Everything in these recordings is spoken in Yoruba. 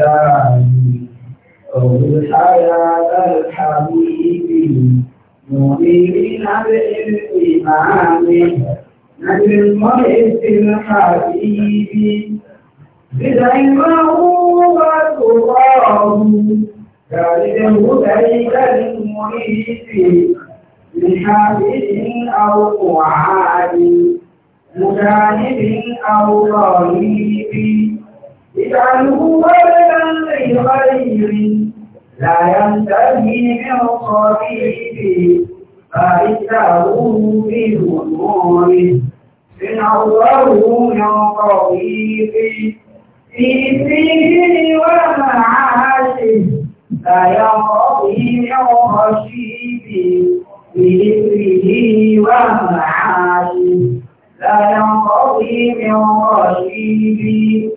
الثاني قول الحياة الحبيب منير نبئ الإمام نبي المرء الحبيب بدعوة تراه كالهدى كالمريد من حبيب أو قعاد مجانب أو غريب اجعله ولدا لغير لا ينتهي من صاحبه فإنه في أموره سنعوه من طريقه في سجن ومعاشه لا ينقضي من خشيته بذكره ومعاشه لا ينقضي من خشيته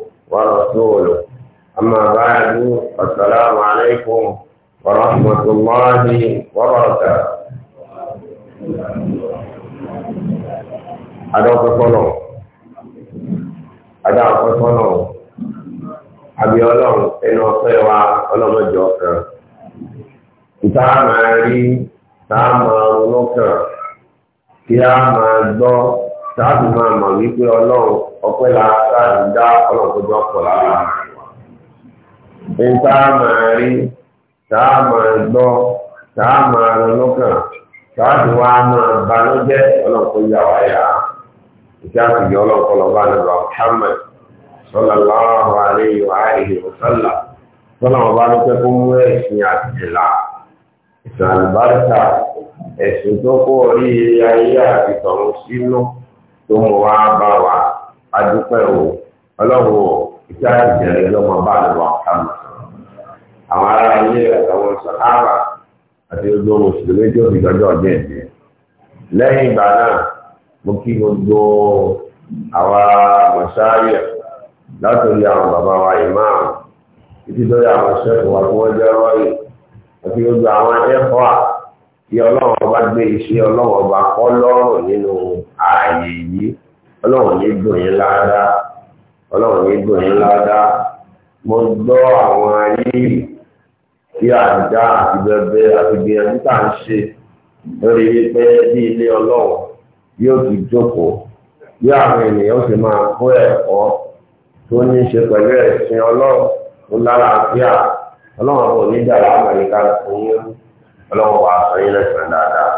ورسوله أما بعد السلام عليكم ورحمة الله وبركاته ada apa ada apa wa ọlọ́mọdé ọkàn ìta a máa ronú kàn kí a máa a ọpẹ́ la sáàrì ń dá ọlọ́kọjọ́ pọ̀ lára ń tá a máa rí tá a máa gbọ́ tá a máa rìn lọ́kàn tá a ti wá máa banújẹ́ ọlọ́kọjọ́ àwáyà ìṣẹ́ àtìgbẹ́ ọlọ́kọlọ́ bá nígbà Muhammad sallallahu alayhi wa alihi wa sallam sọ́nà ọba ló pẹ́ fún mú ẹ̀sìn àtìlá ìsìn ẹ̀sìn tó kó orí ayé àti sínú tó mú wá bá wa. adúpẹ́ o ọlọ́run o iṣẹ́ àtìjẹ́rẹ́ lọ́mọ bá wà àwọn ará ilé àtàwọn sàkárà àti gbogbo mùsùlùmí lọ́jọ́ ọdún ẹ̀dẹ́ lẹ́yìn ìgbà náà mo kí gbogbo àwọn bàbá wa ìmáàmù títí lórí àwọn ṣẹ́fù wa tí wọ́n jẹ́ àti gbogbo àwọn ẹ̀fọ́ à tí ọlọ́run ọba gbé iṣẹ́ ọlọ́run ọba kọ́ ọlọ́run ní dùn yín láadáa ọlọ́run ní dùn yín láadáa mo gbọ́ àwọn ayé tí a ń dá àti bẹ̀bẹ̀ àti gbìyànjú tá à ń ṣe lórí wípé bí ilé ọlọ́run yóò ti jókòó bí àwọn ènìyàn sì máa kó ẹ̀kọ́ tó ní í ṣe pẹ̀lú ẹ̀sìn ọlọ́run tó lálàáfíà ọlọ́run kò ní dàrá àmàlíkà fún yín ọlọ́run wà á sọ yín lẹ́sàn dáadáa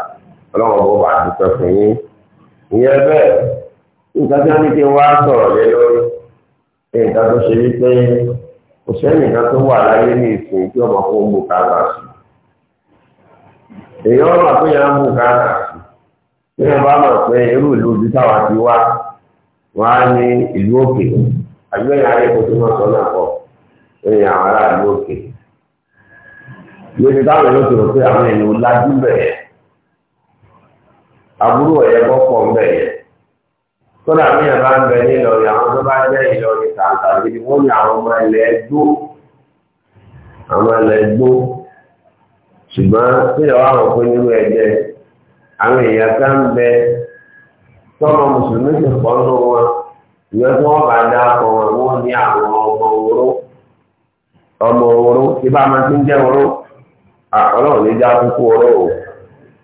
ọlọ́run kò wà á dúpẹ́ fún yín ìyẹn bẹ́ẹ̀. nǹkan tí wọ́n ní kí wá sọ̀rọ̀ lé lórí nǹkan tó ṣe wípé kò sẹ́yìn kan tó wà láyé ní ìsìn tí ọmọ fún un bùkátà sí èyí ọmọ tó yẹn ń bùkátà sí tí wọ́n mọ̀ pé irú ìlú ibi táwa ti wá ní ìlú òkè ayé pọ̀ àwọn ará ìlú kódà mí ẹ̀ bá ń bẹ nílọrin àwọn tó bá jẹ́ ìlọrin tààtà gidi wọ́n ní àwọn ọmọ ilẹ̀ gbó àwọn ilẹ̀ gbó ṣùgbọ́n sílẹ̀ wà wọ́n pé nínú ẹ̀jẹ̀ àwọn èèyàn ká ń bẹ tọ́mọ mùsùlùmí sì pọ̀ nínú wọn ìwé tí wọ́n bá dá ọkọ̀ wọn wọ́n ní àwọn ọmọ oró ọmọ oró tí bá máa ti ń jẹ́ oró ọlọ́run ní já kúkú oró o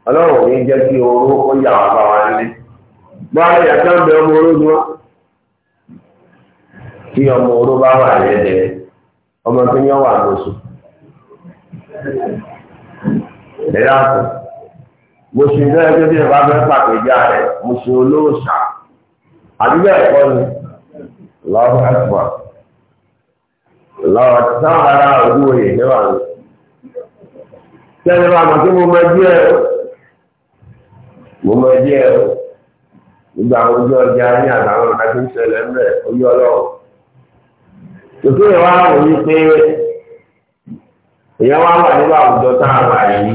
ọlọ́run ní jẹ́ kí oró ó yà wá bá wa nílé. bọ́ọ̀lù àti ọ̀bẹ ọmọ ológun wa kí ọmọ ológun bá wà lẹ́dẹ̀ ọmọ tó yàn wà lóṣù lẹ́yìn àpò àdúgbò ẹ̀kọ́ ni lọ́wọ́ ẹ̀fọ́ lọ́wọ́ táwọn ará ni bá mọ̀ mo mọ mo mọ gbogbo àwọn ojú ọjà ní àtàwọn ọ̀nà tó ń ṣẹlẹ̀ ń Tòkè wa wò ní pé èèyàn wá wà nínú àwùjọ tá a wà yìí.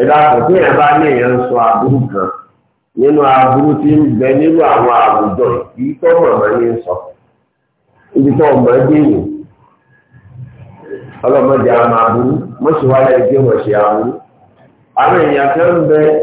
Ẹ̀dá kò tí bá ní èèyàn sọ kan nínú tí ń bẹ nínú àwọn àwùjọ yìí tó ní sọ. Ibi tó Àwọn èèyàn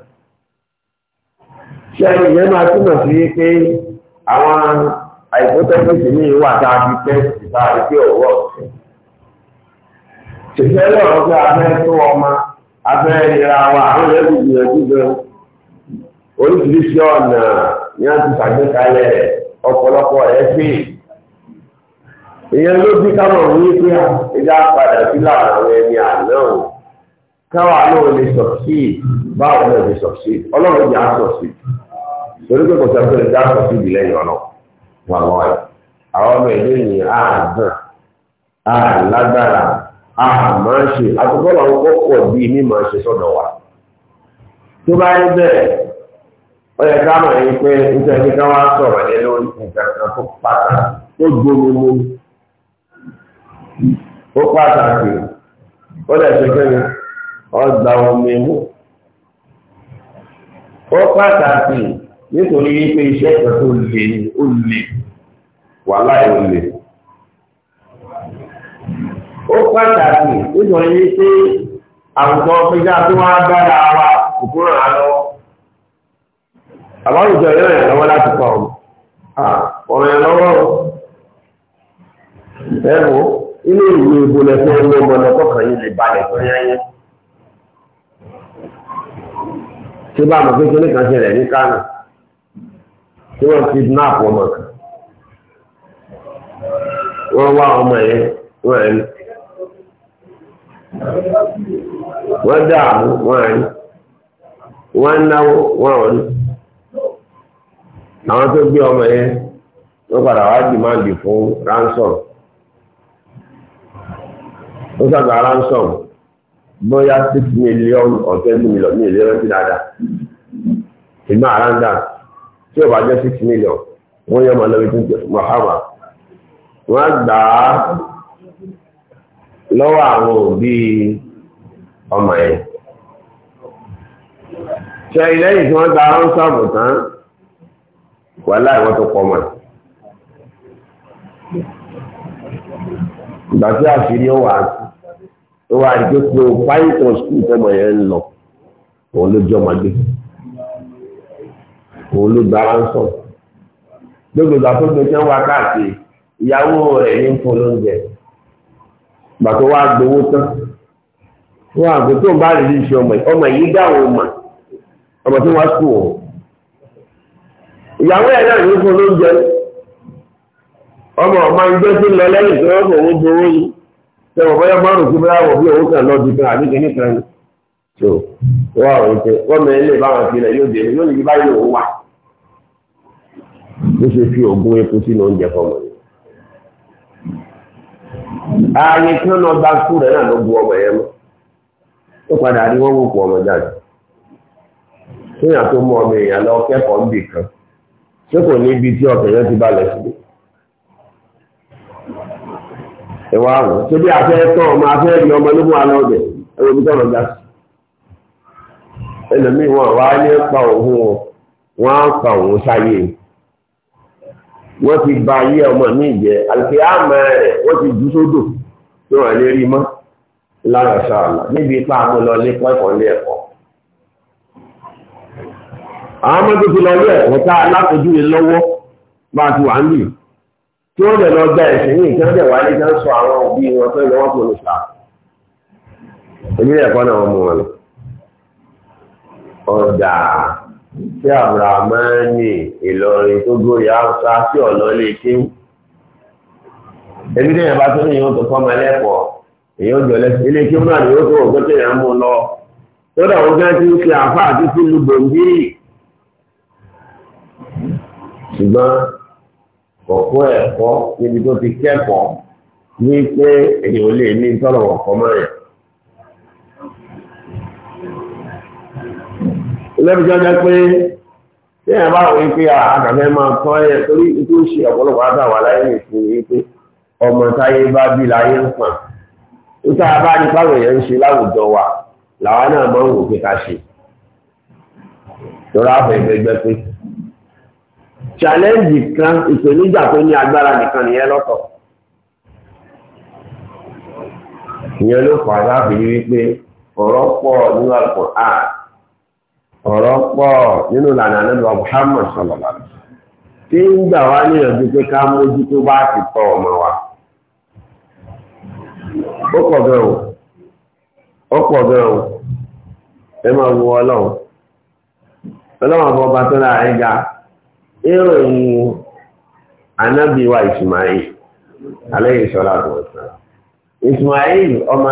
ṣe ìyẹn máa túmọ̀ sí pé àwọn ní ìwà tá a fi tẹ́sì bá a gbé ọ̀wọ́ ṣèṣẹ́ lọ́rọ̀ pé abẹ́ tó ọmọ abẹ́ ìlera wa àwọn ẹ̀rù gbìyànjú gan oríṣiríṣi ọ̀nà ni wọ́n ti ṣàgbékalẹ̀ ọ̀pọ̀lọpọ̀ ìyẹn ló bí káwọn òun yí pé padà sí ẹni àná o káwọn torí pé kò sọ pé ìjà kò síbi lẹ́yìn ọ̀nà wọn lọ ẹ̀ àwọn ọmọ ìlú yìí àádùn àlágbára àmọ́ṣe àtúkọ́lọ̀ ń kọ́kọ́ bíi ṣe sọ́dọ̀ wa tó bá rí bẹ́ẹ̀ ó yẹ ká mọ̀ yín pé níta ẹni ká wá sọ̀rọ̀ ní lórí nǹkan kan tó pàtàkì tó gbomi mú ó pàtàkì ó ṣe nítorí wípé iṣẹ́ ìtàn tó lè ní ó lè wà láì ó ó pàtàkì nítorí wípé àwùjọ péjá tó wá dára wa ìkúrò àlọ́wọ́. àbáwọ̀ yóò rẹ̀ lọ́wọ́ láti pa ọ̀rọ̀. ọ̀rọ̀ yẹn lọ́wọ́ ẹ̀rọ inú ìlú ìbò lẹ́sẹ̀ ń lọ ọmọ lọ́kọ̀ yìí lè balẹ̀ tó yẹ́yẹ́. tí bá a mọ̀ pé kan ṣẹlẹ̀ ní kánò. tí wọ́n ti nap ọmọ kan wọ́n wá ọmọ yẹn wọ́n ẹ̀ ní wọ́n dààmú wọ́n ẹ̀ ní wọ́n náwó wọ́n ọ̀ ní àwọn tó gbé ọmọ yẹn wọ́n padà fún ransom ó sàgbà ransom bóyá six million or twenty million ní ìlérò sí dáadáa ìgbà tí ó bá jẹ́ six million wọ́n yọ màlúwẹ̀ tí ń jẹ mahama wọ́n gbà á lọ́wọ́ àwọn òbí ọmọ yẹn. ṣe ìlẹ́yìn tí wọ́n gba ránṣọ́ọ̀bù tán wà láìwọ́n tó pọ̀ mọ́ ẹ̀. ìgbà tí àṣírí ó wà ó wà ní pé kí o fáìtàn skul tọmọ yẹn ń lọ òun ló jọ ọmọdé. òun ló gba ránṣọ gbogbo ìgbà tó gbé tí wọn ìyàwó rẹ̀ ní fún lóúnjẹ ìgbà tó wá gbowó tán wọn àgbẹ̀ tó ń bá rèé iṣẹ́ ọmọ yìí ọmọ yìí dá òun mà ọmọ tí wọn sùn òun ìyàwó ẹ̀ ní fún lóúnjẹ ọmọ ọmọ ìgbé tí ń lọ bó ṣe fi ògùn epo sínú oúnjẹ fọmọ yẹn. ààyè tí wọn lọ bá kú rẹ náà ló bu ọmọ yẹn mọ ó padà rí wọn wò kú ọmọ jáde tó mú ọmọ èèyàn lọ kan ṣé kò ní ibi tí ọkọ yẹn ti síbi. bí afẹ́ tán ọmọ afẹ́ rí ọmọ pa òun wọn á wọ́n ti ba ayé ọmọ mi jẹ́ àti àmọ́ rẹ̀ wọ́n ti jù sódò tí wọ́n lè rí mọ́ lára ṣáàlà níbi ipá àmú lọ lé pẹ́kọ̀ọ́ lé ẹ̀kọ́. àwọn ọmọ tó ti lọ lé ẹ̀kọ́ tá alákòójúwe lọ́wọ́ bá ti wà ń bì tí wọ́n lè lọ gba ẹ̀sìn ní ìkẹ́ńdẹ̀ wáyé kí wọ́n sọ àwọn òbí wọn pé lọ́wọ́ kò ní sàá ìbílẹ̀ ẹ̀kọ́ náà wọ́n mú wọn lọ. ọ̀dà sí abdulhamani ìlọrin tó gòrí haúsá sí ọ̀nà lè kéwù ebi tẹ́yìn bá tó ní ìyóò tó fọ́mọ ẹlẹ́pọ̀ èyí ó jọ lẹ́sìn ilé kéwù náà ni ó tó òkú tẹ́yìn mú lọ tó dà wọ́n gẹ́gẹ́ tí ń ṣe àfáà àti tí lu bòǹgírì ṣùgbọ́n kọ̀ọ̀kọ́ ẹ̀kọ́ níbi tó ti kẹ́kọ̀ọ́ ní pé èyí ò lè ní tọ́lọ̀wọ̀ kọ́mọ́ yẹn. lẹ́bìjọ́ jẹ́ pé tí ẹ̀ bá wọ́n pé àgàfẹ́ máa kọ́ ẹ̀ torí tó ṣe ọ̀pọ̀lọpọ̀ àtàwà láyé nìkan ní pé ọmọ táyé bá bí láyé ń pọ̀n níta bá ní pàrọ̀ yẹn ń ṣe láwùjọ wa làwa náà máa ń wò pé ká ṣe tọ́lá fẹ́ gbẹgbẹ́ pé challenge kan ìpèníjà tó ní agbára nìkan nìyẹn lọ́tọ̀ ìyẹn ló fà á láfi wípé ọ̀rọ̀ pọ̀ nínú àlùkò áà ọ̀rọ̀ pọ̀ nínú ìlànà nígbà Muhammad tí ń gbà wá níyànjú pé ká mójú tó bá ti ọmọ wa ó pọ̀ gan o ó pọ̀ gan o ẹ máa wo ọlọ́run ọlọ́run àbọ̀ ọba tó dára ìròyìn Ismail ọmọ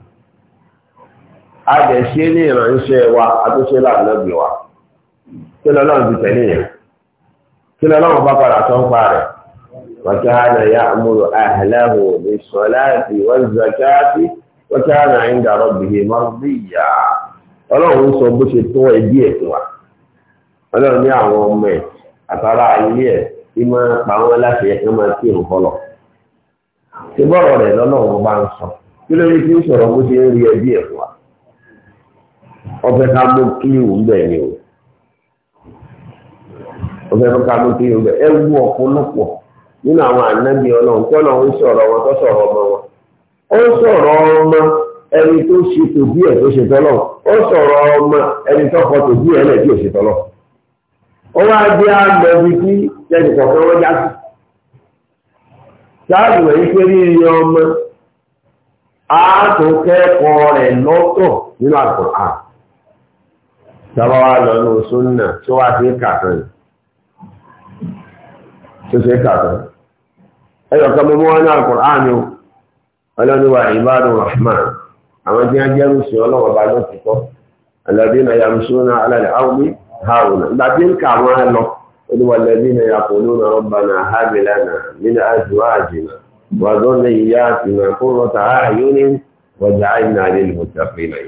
a ga ṣe na ìrànṣẹ́ wa àtúnṣe láàrínlẹ́gbẹ̀ wa kí lọ́lọ́run ti tẹ̀lé yẹn kí lọ́lọ́run bá padà tó ń pa rẹ̀ wàkàánà yá àmúlò àhàlẹ́hù ní sọ́láàtì wọ́n zakáàtì wàkàánà ìdàrọ̀ bìhì mọ́bíyà ọlọ́run sọ bó ṣe tó ẹbí ẹ̀ fún wa ọlọ́run ní àwọn ọmọ ẹ̀ àtàrà ilé ọfẹ́ ká mú kílíwù ń bẹ̀ ni o ọfẹ́ ká mú kílíwù ń bẹ̀ ẹ wú ọ̀pọ̀lọpọ̀ nínú àwọn ànábì ọlọ́run tí ọlọ́run ń sọ̀rọ̀ wọn tó sọ̀rọ̀ ọmọ wọn ó ń sọ̀rọ̀ ọmọ ẹni tó ṣe tòbí ẹ̀ tó ṣe tọ́lọ̀ ó sọ̀rọ̀ ọmọ ẹni tó kọ tòbí ẹ̀ lẹ̀ tí ò ṣe tọ́lọ̀ ó wá dé àgbẹ̀bí tí ẹnì kọ̀ọ̀kan wọ́n já sí sáàbù ẹ̀yí pé rírí ọmọ àátò rẹ̀ lọ́tọ̀ nínú àkùrán tọ́wọ́ lọ ní oṣù náà tó wá sí kàtàn tó ṣe kàtàn ẹyọ na wọn ní Al-Qur'an ọlọ́niwà ibadur rahman àwọn jẹ́ rúṣì ọlọ́wọ́ bá lọ́tì kọ́ alladhina yamshuna ala al-ardi hauna ìgbà tí ń kà wọ́n á lọ walladhina yaquluna rabbana hab lana min ha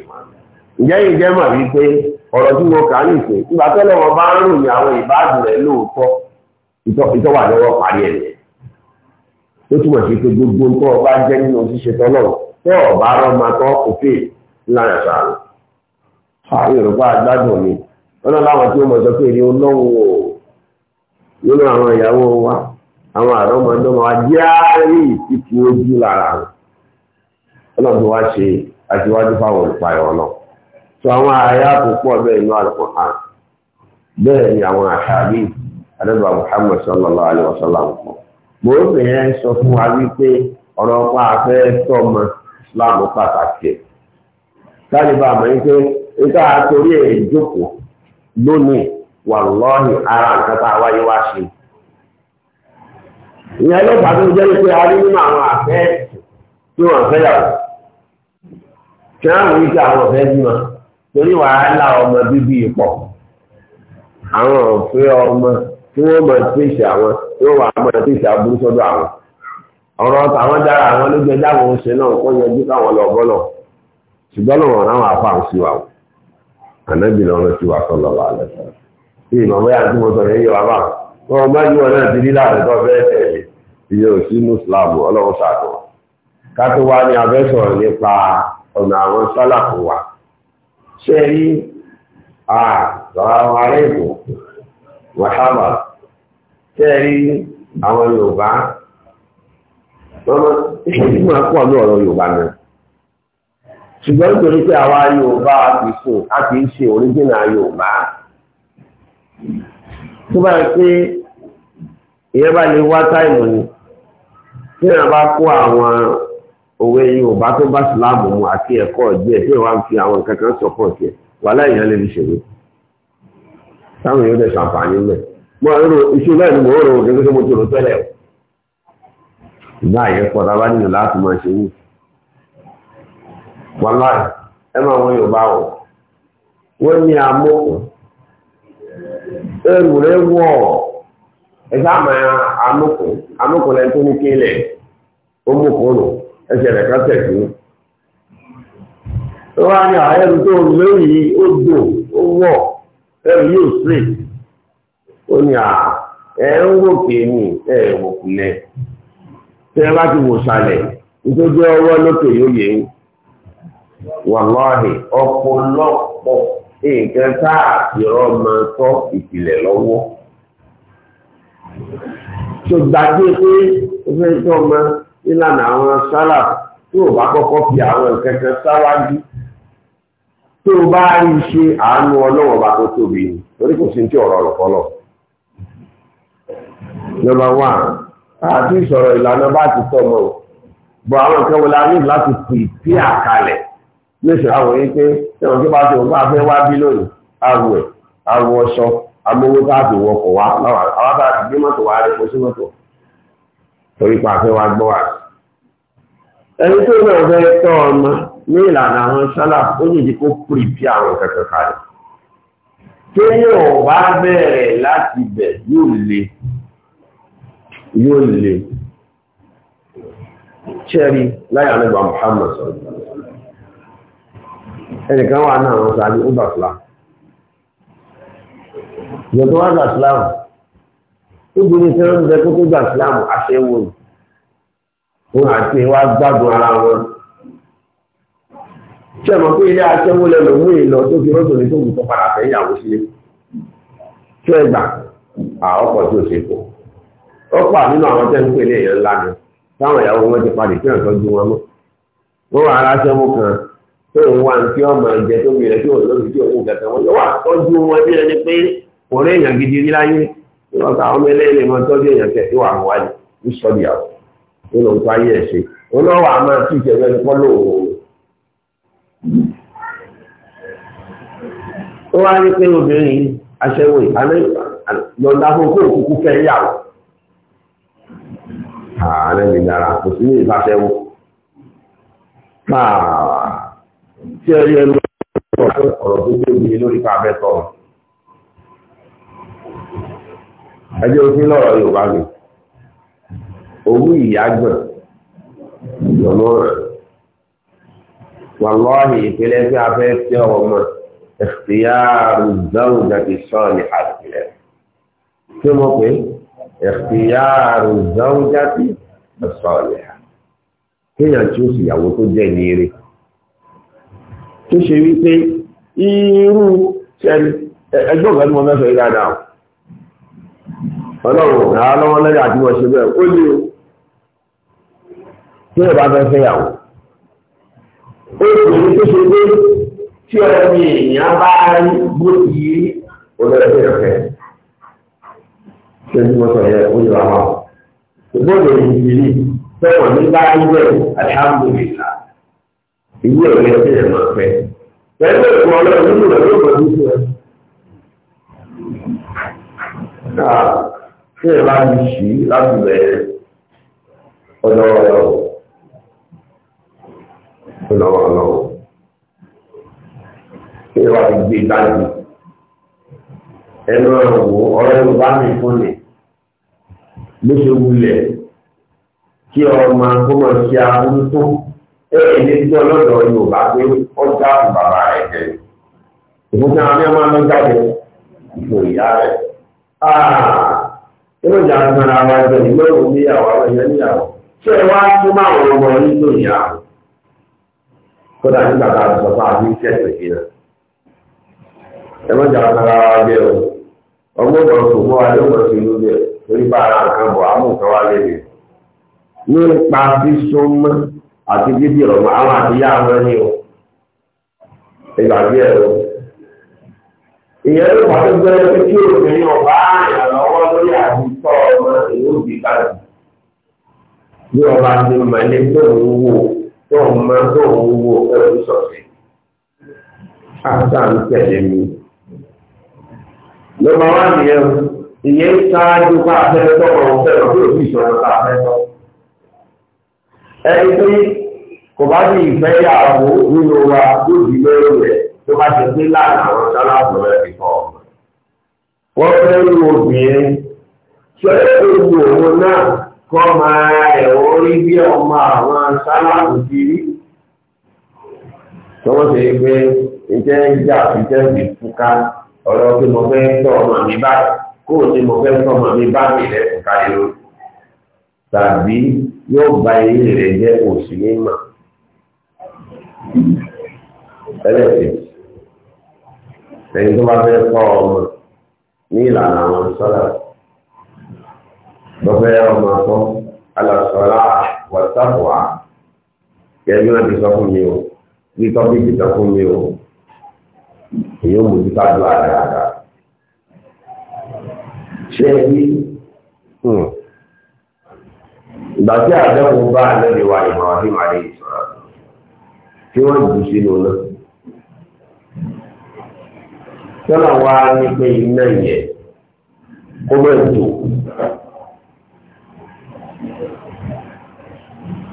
wa ǹjẹ́ ìjẹ́ wípé ọ̀rọ̀ tí mo kà ní ìpè nígbà tẹ́lẹ̀ wọn bá ń ròyìn àwọn ìbáàdì rẹ̀ lóòótọ́ ìtọ́wà lọ́wọ́ parí ẹ̀ nìyẹn ó túmọ̀ sí pé gbogbo nǹkan ọba jẹ́ nínú ṣíṣe tọ́lọ̀ tẹ́ ọ̀bá rọ́mà tọ́ òfin ńláyà sàrò àwọn yorùbá agbádùn mi wọn láwọn tí ó mọ̀ sọ pé èrè olóhùn o nínú àwọn ìyàwó wa àwọn àrọ́mọdọ́mọ ajé àárí ìtìtì ojú lára wọn ọlọ́run tó wá ṣe àtiwájú fáwọn olùpayọ̀ náà. sọ àwọn àyà tó bẹ́ẹ̀ inú al bẹ́ẹ̀ ni àwọn àṣàbí sallallahu mo ń fìyẹn sọ fún wa wípé ọ̀rọ̀ afẹ́ láàmú pàtàkì ẹ̀ ara nǹkan tá a wáyé wá ṣe ìyẹn ló bá tó jẹ́ pé a rí nínú àwọn àfẹ́ tí wọ́n fẹ́ kí wọ́n torí wàhálà ọmọ bíbí ipò àwọn òfin ọmọ tí wọ́n mọ̀ tíṣì àwọn tí wọ́n wà mọ̀ tíṣì aburú sọ́dọ̀ àwọn ọ̀rọ̀ àwọn dára àwọn olóògbé dáwọn oṣù náà kọ́ yanjú káwọn lọ bọ́lọ̀ ṣùgbọ́n lọ́wọ́ ráwọn afá ń sí wa o ànábì lọ́rọ̀ sí wa sọ́lọ́ wa lẹ́sẹ̀ tí ìmọ̀ bóyá tí mo sọ yẹn yé wa bá wọn ọmọ yìí wọn náà ti rí láàrín tó fẹ́ tẹ̀lé iye òsì mùsùlùmù ọlọ́run ṣàtọ̀ ká tó wá ní abẹ́sọ̀rọ̀ nípa ọ̀nà àwọn sálàkù wa ṣe rí àwọn ará ìbò wàhábà ṣe rí àwọn yorùbá lọ́nà ìṣèlú máa kó àmì ọ̀rọ̀ yorùbá náà ṣùgbọ́n nítorí pé àwa yorùbá ti sùn a ṣe oríjìnà yorùbá tó bá yẹ pé ìyẹn bá lè wá táìmù ni tí wọn bá kó àwọn òwe yorùbá tó bá síláàmù mu àti ẹ̀kọ́ díẹ̀ tí wọ́n fi àwọn nǹkan kan sọ̀pọ̀ tiẹ̀ wà láìyàn lè fi ṣèwé táwọn yóò dẹ̀ ṣàǹfààní mẹ́ mo rò iṣẹ́ náà ni mo rò òkè tó mo tó tẹ́lẹ̀ o ìgbà yẹn pọ̀ tá a bá nílò láti máa ṣe wù wàlá ẹ máa wọ yorùbá o wọ́n ní amókùn ẹrù rẹ wọ̀ ẹ sáà máa amókùn amókùn lẹ́ni tó ní kéèlè ó mú kúrò. ẹsẹ̀ rẹ̀ kan O sí. ni wá ní tó ń lórí ó dò ó wọ̀ ẹ̀rù yóò sè ó ní à ẹ̀ ń wò kéènì ẹ̀ wò kulẹ̀ tẹ́ bá ti wò nítorí ọwọ́ lókè yóò yẹ ń wàláhì ọ̀pọ̀lọpọ̀ nǹkan tá ìlànà àwọn sálà tí ò bá kọ́kọ́ fi àwọn ìkẹkẹ sáwájú tó bá rí ṣe àánú ọlọ́wọ́ bá tó tóbi ni torí kò sí tí ọ̀rọ̀ ọ̀rọ̀kọ́lọ̀. nọ́mbà wán àti ìsọ̀rọ̀ ìlànà bá ti tọ́ mọ́ bọ̀ àwọn nǹkan wọlé a ní láti pè pé àkàlẹ̀ lóṣù àwọn yìí pé ẹ̀wọ̀n tó bá ti wọ́n bá fẹ́ wá bí lónìí awọ ẹ̀ awọ ọṣọ amówó káàdì wọkọ̀ wá láwọn àwọn bá ti gbé mọ́tò wá rẹ̀ kó sí mọ́tò torí pa àfẹ́ wá gbọ́ wá sí ẹni tó náà fẹ́ tọ́ ọmọ ní ìlànà àwọn sálà ó lè di kó pìrìpì àwọn kẹ̀kẹ́ kalẹ̀ kéèyàn bá bẹ̀rẹ̀ láti bẹ̀ yóò le yóò le ṣẹ́rí láyà nígbà Muhammad sọ̀rọ̀ ẹnìkan wà náà wọn sáájú ó gbà fúlá ìjọ tó gbà fúlá ó gbé ní sẹ́wọ́n jẹ́ kó tó gbà fúlá àṣẹwò ni wọn àti wa gbádùn ara wọn ṣe mọ̀ pé ilé aṣẹ́wó lẹ́nu mú ìlọ tó fi rọ́tò ní tóbi tó padà fẹ́ ìyàwó sílé ṣe gbà àọ́pọ̀ tí ṣe kò ó pà nínú àwọn tẹ́ ń pè ní èèyàn ńlá ni táwọn ìyàwó wọn ti padì kí ọ̀tọ́ ju wọn mọ́ wọn wà aláṣẹ́wó kan tó ń wá ní kí ọmọ ẹ̀jẹ̀ tó bìrẹ̀ tí òun lóbi tí òun kẹta wọn yóò wà tọ́jú wọn bí ẹni pé kò rí èèyàn gidi rí láyé wọn ọmọ ẹlẹ́yìn lè mọ tọ́jú èèyàn kẹ nínú nǹkan ayé ẹ̀ ṣe olówó àmọ́ tí ìjẹ̀bẹ́ ní kọ́ lóòó. ó wá ní pé obìnrin aṣẹ́wó ìhálẹ́ lọ́dá fún kó òkúkú fẹ́ yàwó. ààrẹ mi dára kò sí ní ìfàṣẹwó. tí ẹ rí ẹnu ọ̀rọ̀ tó gbé obìnrin lórí ká abẹ́ tọ̀. ẹ jẹ́ òfin lọ́rọ̀ Yorùbá mi owó ìyágbọ̀n lọ́mọ rẹ̀ wàlọ́ọ̀hì ìpínlẹ̀ tí a fẹ́ fẹ́ ọmọ ẹ̀fìyàrù zawjati salihah ìpínlẹ̀ tí mo pè ẹ̀fìyàrù zawjati salihah kéèyàn tí ó sì yàwó tó jẹ́ ní eré tó ṣe wípé irú ẹgbọ́n kan tí mo mẹ́fẹ̀ẹ́ dáadáa ọlọ́run àwọn ọlọ́wọ́ lẹ́yìn àti wọ́n ṣe bẹ́ẹ̀ ó lé o tí yóò bá fẹ́ fẹ́yàwó. ó sì ní tó ṣe pé tí ọmọ èèyàn bá rí bó ti yí olóòtú ìrọ̀fẹ́. ṣé tí mo sọ yẹn ó yọ àwọn. ìbọn èyí ti rí sẹ́wọ̀n ní bá rí bẹ́ẹ̀ alihamudulila ìwé ọ̀rẹ́ tí ẹ̀ máa fẹ́. pẹ̀lú ẹ̀kọ́ ọlọ́run nínú rẹ̀ yóò bọ̀ ní ẹ bá ti ṣí láti bẹ̀rẹ̀ ọ̀dọ̀ tó lọ́wọ́ ọlọ́wọ́ kí wà á gbé báyìí ẹnu ọ̀wọ́ ọ̀rọ̀ yorùbá mi fún ni bó ṣe wulẹ̀ kí ọmọ kó mọ̀ ṣe aburú tó ẹ̀ẹ́dẹ́ tí ọlọ́dọ̀ yorùbá pé ọjà bàbá rẹ̀ jẹ́ ìfúnṣẹ́ àwọn ọmọ ọmọ jáde ìfò ìyá rẹ̀ inú ìjà sanra wa jẹ́ ìlú òun níyàwó àwọn ẹ̀yẹ níyàwó ṣé wàá tún máa wọ̀ ọmọ yìí tó ìyàwó kódà nígbà tá a sọ fún àbí kẹsì kìíní ẹ má jà kára wa gbé o ọgbọ́n kan sọ fún wa ló kàn sí inú bẹ́ẹ̀ torí bá ara nǹkan bọ̀ amúkan wa lè lè nípa sísúnmọ́ àti bíbí ọ̀rọ̀ àwọn àtìyá wọn ni o ìgbàgbé ẹ̀rọ ìyẹn ló wà ló gbẹ́rẹ́ pé kí obìnrin ọ̀bá ìrànlọ́wọ́ lórí àbúkọ́ ọmọ ìlú òbí kalẹ̀ ọba ti mọ̀ ní pé òun wò tóun mọ tóun wúwo ẹrù sọ̀tẹ̀ àtà ń tẹ̀lé mi. ló máa wá nìyẹn ìyẹn ń ṣáájú bá afẹ́rẹ́ tọ́kọ̀ ọ̀hún fẹ́ràn tó sì sọ̀rọ̀ bá afẹ́rẹ́ tọ́. ẹni pé kò bá ní ìfẹ́ yàwó nínú wa tó di lórí rẹ̀ tó bá ti gbé láàrín àwọn sáláàbù rẹ̀ kíkọ́ ọ̀gbọ̀n. wọ́n fẹ́ lu obìnrin ṣé ewu òun náà kọ́mọ rẹ̀ orí bí ọmọ àwọn sáláàbù ti rí. Tọ́wọ́ ṣe pé ìjẹ́ ìjà ìjẹ́ ìfúnká ọ̀rọ̀ pé mo fẹ́ tọ́ ọmọ mi bá kó o ní mo fẹ́ tọ́ ọmọ mi bá mi rẹ̀ fúnká yóò. Tàbí yóò ba ilé rẹ̀ jẹ́ òsì ní mà. Ẹlẹ́sìn, ẹni tó bá fẹ́ tọ́ ọmọ ní ìlànà àwọn sáláàbù lọ́fẹ́ ọmọ akọ́ alàsọ̀lá wàtàbọ̀à kẹ́lí náà ti sọ fún mi o bí tọ́pìkì sọ fún mi o èyí ò mójú ká dùn àdáàdá ṣé ẹ rí ìgbà tí àdéhùn bá àlejò wa ìmọ̀ ọdún àlè ìsọ̀rọ̀ tí wọ́n jù sínú náà tọ́lá wa ní pé iná yẹn kó bẹ́ẹ̀ tó.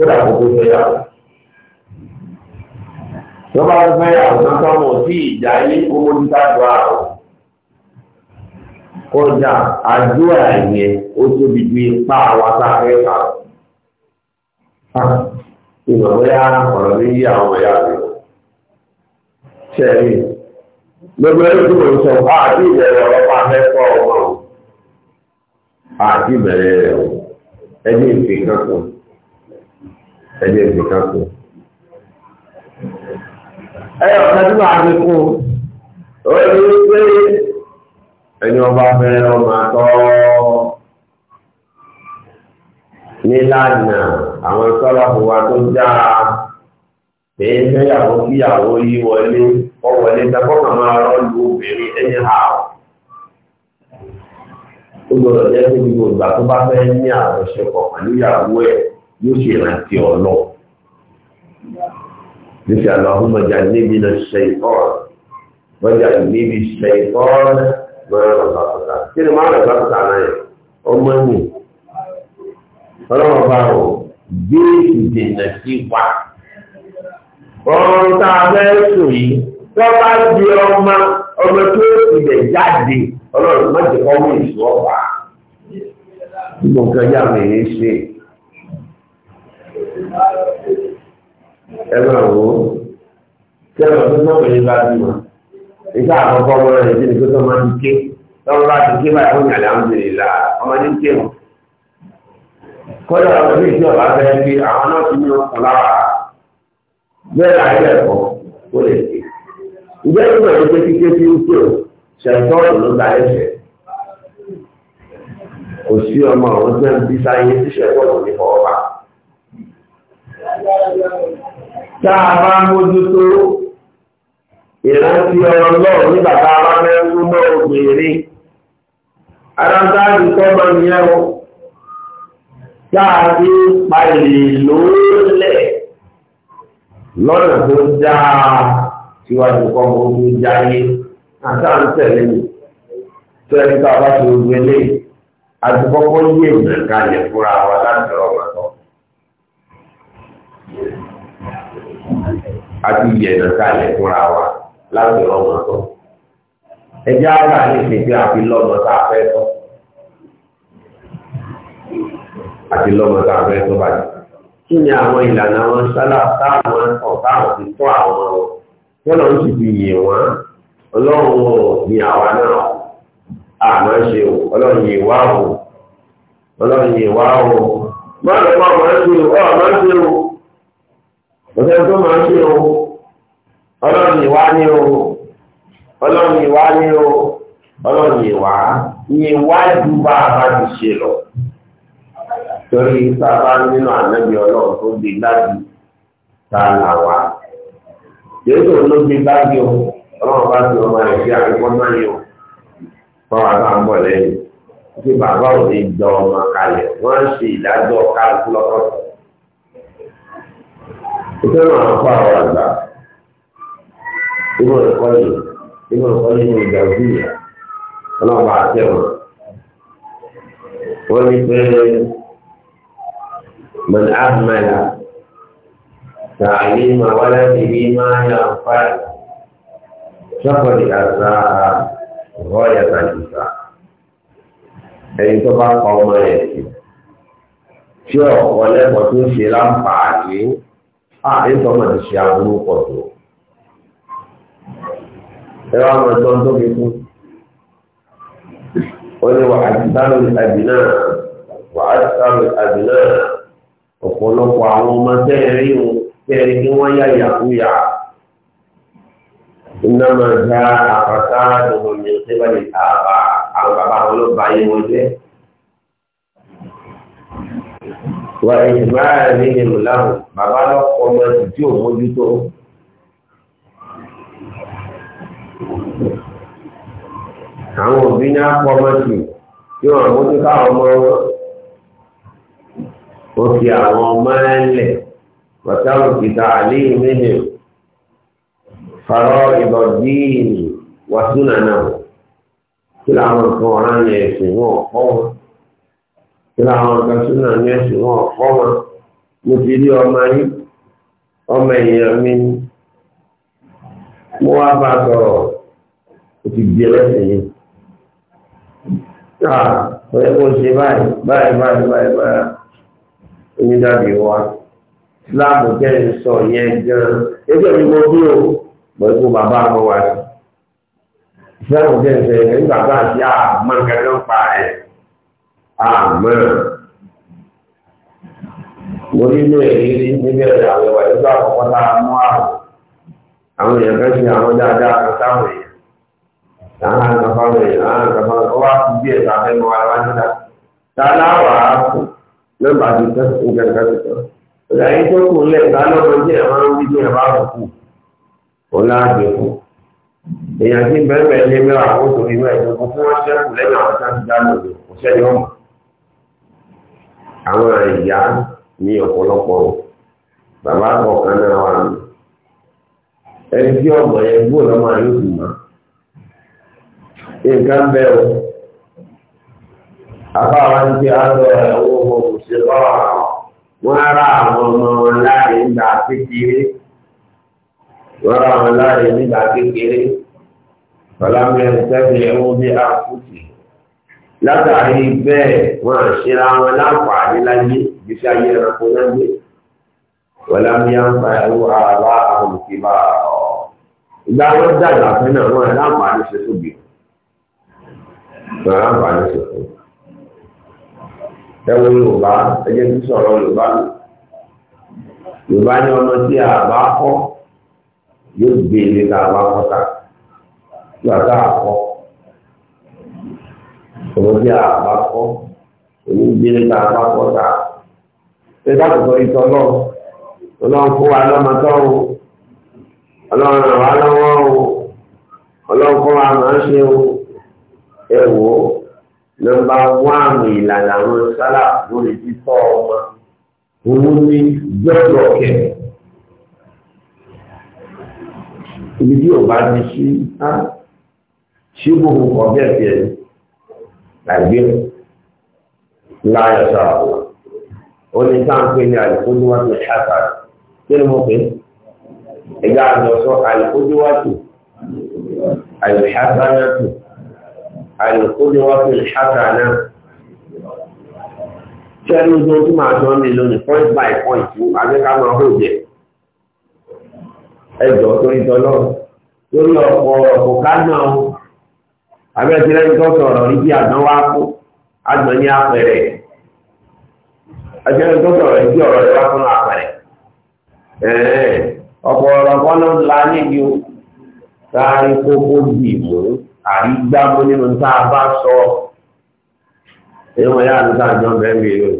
kódà kò tó ya yàwó. tó bá fẹ́ yàwó tó tọ́ mọ̀ sí ìjà yé owó títà tó àrùn kọjá àdúrà yẹn ó tóbi ju ipá wa a ọ̀rọ̀ ní yí àwọn rẹ̀ gbogbo ẹni tó ń sọ àti ìbẹ̀rẹ̀ ẹjẹ́ ìgbè kan kù. ẹyọ kan tí wàá fi kún ó ní pé ẹni ọba fẹ́ ọmọ àtọ́ nílànà àwọn sọ́làfù wa tó dáa èyí fẹ́yàwó kíyàwó yí wọlé ọwọlé takọ́kà máa rọ́lù obìnrin ẹni àwọ̀ ó gbọ́dọ̀ jẹ́ pé gbogbo ìgbà tó bá fẹ́ ní àròṣepọ̀ pẹ̀lú ìyàwó ẹ̀ yóò ṣe ìrántí ọlọ́ nífi Allahumma jannibna ash-shaytan wa jannibna ash-shaytan lọ́rọ̀ lọ́sàkọ́sà kí ni máa rẹ̀ lọ́sàkọ́sà náà yẹ ọmọ ẹ̀mí ọlọ́wọ́ bá wò gbé ìdènà sí wa ọ̀run tá a fẹ́ sùn yìí tó bá di ọmọ ọmọ tó ìbẹ̀ jáde ọlọ́run má jẹ́ kọ́ wọ́n ìṣú ọ̀pá gbogbo nǹkan yà mí ní ṣe. ẹ máa wò ó kí ẹ̀rọ tó sọ̀rọ̀ yìí bá bí wọn. Ìṣe àkọ́kọ́ ọmọ rẹ̀ ti ní pé sọ́mọ ti ké lọ́wọ́ bá ti ké báyìí fún ìyàlẹ́ àwọn ìbèrè là ọmọ ní ké wọn. Kọ́lá ọmọ ní ìṣe ọ̀bá fẹ́ pé àwọn náà ti ní ọkàn lára bẹ́ẹ̀ láyé ẹ̀kọ́ ó lè ké. Ìjẹ́ ìgbà yìí pé kíké ti ń o ṣẹ̀tọ́ọ̀tù ló gba ẹ̀ṣẹ̀. Kò sí ọmọ àwọn tí wọ́n bí sáyé tíṣẹ̀ pọ̀ tá a bá mójútó ìrántí ọ̀rọ̀ náà nígbà tá a bá fẹ́ wú náà gbèrè adáńtáàdì tọ́gbà nìyẹn o tá a fi pa èlè lólẹ̀ lọ́nà tó dáa síwájú kan mo tó jáyé àtàǹtẹ̀lẹ́ mi tẹ́lẹ̀ tá a bá ti gbélé àti kọ́kọ́ yé ìrìnàkálẹ̀ fúnra wa láti rọ̀ àti ìyẹ̀nà kalẹ̀ fúnra wa láti lọ́mọ tọ́. ẹjẹ́ àgbà ní ìpínpín àti lọ́mọ tá a fẹ́ tọ́. àti lọ́mọ tá a fẹ́ tọ́ báyìí. kí ni àwọn ìlànà wọn sálà táwọn ọ̀tá ti tọ́ àwọn fi wọ́n ọlọ́run àwa náà àmọ́ ṣe o o ọlọ́run wá o. má ṣe o ọ̀sẹ̀ tó máa ń ṣe o ọlọ́run ìwá ní o ọlọ́run ìwá ní o ọlọ́run ìwá ìwá ju bá a bá ti ṣe lọ torí sábà nínú ànábì ọlọ́run tó gbé láti ta làwà yóò ló gbé láti o ọlọ́run bá ti ọmọ rẹ̀ sí àkọ́kọ́ náà yìí o àbá ń bọ̀ lẹ́yìn tí bàbá ò ní jọ ọmọ kalẹ̀ wọ́n ń ṣe ìdájọ́ kálukú lọ́kọ̀ọ̀kan ìfẹ́ràn àwọn afọ àwọn àgbà inú ẹ̀kọ́ yìí inú ẹ̀kọ́ yìí ní ìgbà òbíyà ọlọ́ọ̀bà àtẹ̀wọ̀n wọ́n ní pé من أهمل تعليم ولده ما ينفع فقد أساء غاية الإساءة ẹni tó bá kọ ọmọ rẹ̀ sí tí ọ̀pọ̀ lẹ́kọ̀ọ́ tó ṣe láǹfààní ààrẹ ah, tọ́mọ̀ ti ṣe aburú pọ̀ tó ẹwà ọmọ ẹ̀tọ́ tó fi kú ó ní wà àtìsáró àbínà wà àtìsáró àbínà ọ̀pọ̀lọpọ̀ àwọn ọmọ tẹ́ẹ̀rí wọn tẹ́ẹ̀rí kí wọ́n yá yàkúyà iná máa já àpàtà àdùnnú ní ọ̀sẹ̀ bá àwọn bàbá àwọn ọlọ́ba yìí wọ́n jẹ́. wà ìgbà nínú ìlànà bàbá lọ́pọ̀ ọmọ ẹ̀sìn tí ò mójútó. àwọn òbí ní apọ ọmọ ẹ̀sìn tí wọn mójútó àwọn ọmọ wọn. ó fi àwọn ọmọ ẹlẹ̀ wàtàlù kìtà àlẹ́ ìmẹ́lẹ̀ fàrọ̀ ìbọ̀dí wàtúnà náà kí làwọn nǹkan ọ̀ràn yẹn ẹ̀sìn wọn kọ́ wọn kí làwọn ọ̀gá súnà ní ẹ̀sìn wọn ọ̀pọ̀ wọn mo ti rí ọmọ yín ọmọ èèyàn mi ni mo wá bá sọ̀rọ̀ o ti gbé lẹ́sìn yìí ká ọ̀yẹ́ kó ṣe báyìí báyìí báyìí báyìí báyìí onídàbí wa láàbù kẹrin sọ yẹn gan ẹgbẹ́ mi mo bí o bọ̀ẹ́ kó bàbá mi wá sí láàbù kẹrin sọ yẹn nígbà tá a ti àmọ́ nǹkan kan pa ẹ̀ àmọ́ mo nínú èyí níbẹ̀rẹ̀ àwẹ̀wà ìlú àkọ́kọ́ tá a mú àrùn àwọn èèyàn kan ṣe àwọn dáadáa kan táwọn èèyàn láwọn àgbàfáwọn èèyàn láwọn àgbàfáwọn ó wá fi bí ẹ̀ka fẹ́ mọ ara wájú dá dáadáa wà á kù lọ́ba ti tán nǹkan kan ti tán ọ̀gá yìí tó kù lẹ̀ ká lọ́mọ jẹ́ ẹ̀ máa ń wí bí ẹ̀ bá kù kù òun láàgbé kù èèyàn ti bẹ́ẹ̀ bẹ́ẹ̀ lé mẹ́wàá àwọn òṣèré mẹ́ẹ̀ẹ́dógún fún wọn ṣẹ́kù lẹ́yìn àwọn sáà ti dá lòdì kò sẹ́ni àwọn ìyá ní ọ̀pọ̀lọpọ̀ bàbá kọ̀ọ̀kan náà wà ní ẹni tí ọmọ yẹn gbó lọ́mọ yóò sì mọ́ nǹkan bẹ́ẹ̀ o ń àlọ́ ẹ̀wọ́ òṣèlú ara àwọn ọmọ wọn láàyè nígbà kékeré ara wọn láàyè nígbà kékeré ẹni ẹ̀wọ́ bí látàrí bẹ́ẹ̀ wọ́n à ṣera wọn láǹfààní láyé gbèsè ayé ẹranko láyé wọ́n lábí àǹfààní àbá àwọn òkèbà ọ̀ ìgbà wọn dàgbà fún náà wọ́n láǹfààní ṣe tóbi wọ́n láǹfààní ṣe fún ẹwọ Yorùbá ẹjẹ tí sọ̀rọ̀ Yorùbá lò Yorùbá ní ọmọ tí a bá kọ́ yóò gbé ilé tá a bá kọ́ ta yóò àtà àkọ́ ọ̀rọ̀ bí apa? kọ́ òní gbére tá a bá kọ́ ta ṣé dákòókò ìtọ́ náà ọlọ́run fún wa lọ́mọ tọ́ o ọlọ́run ràn wá lọ́wọ́ o ọlọ́run fún wa máa ń ṣe o ẹ wò ó nọ́mbà wáàmù ìlànà àwọn sálà lórí títọ́ ọmọ òun ni gbọ́dọ̀ tàbí láyọ̀ sọ̀rọ̀ ó ní sáńpé ní àlùkòjúwàtò ṣàkàrà kí ni mo pè é ẹ̀gá àjọṣọ àlùkòjúwàtò àlùṣàkàràtò àlùkòjúwàtò ṣàkàrà sẹ́ni ojú ojú máa jọ ní lónìí point by point fún abẹ́ká máa hó jẹ ẹjọ́ tó ń jọ náà lórí ọ̀pọ̀ ọ̀pọ̀ ká náà abẹ́rẹ́ ti lẹ́yìn tó sọ̀rọ̀ rí bí àgbọn wá kó àgbọn ní apẹ̀rẹ̀ ẹgbẹ́rẹ́ tó sọ̀rọ̀ rí bí ọ̀rọ̀ rẹ̀ wá fún apẹ̀rẹ̀ ẹ̀ẹ́ ọ̀pọ̀ ọ̀rọ̀ kan ló ń la níbi o sáré kókó bì mú àrígbámú nínú tá a bá sọ èèwọ̀n yára níta àjọ bẹ́ẹ̀ mi rò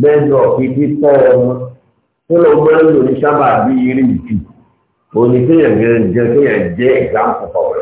bẹ́ẹ̀ lọ fi títọ́ ọmọ tó lọ gbọ́dọ̀ ní sábà bí irin jù òní kéèyàn jẹ́ kéèyàn jẹ́ ìgbà ń pọ̀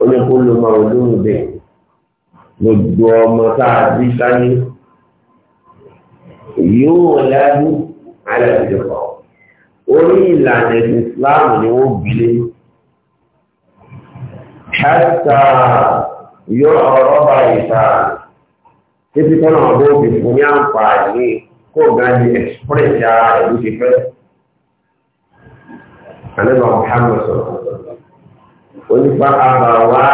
ó ní kó ló máa lóhùn bẹ́ẹ̀ gbogbo ọmọ tá a bí sáyé yóò lájú alẹ́bìdìkọ̀ orí ìlànà ìsìláàmù ni wọ́n gbélé ṣáàtà yọ ọ̀rọ̀ bá ìta títí tọ́nà ọgbọ́n òbí fún ní àǹfààní kó gani express ara rẹ̀ ti fẹ́. Àlébà Mùhàmmad sọ̀rọ̀. onípa àbàwá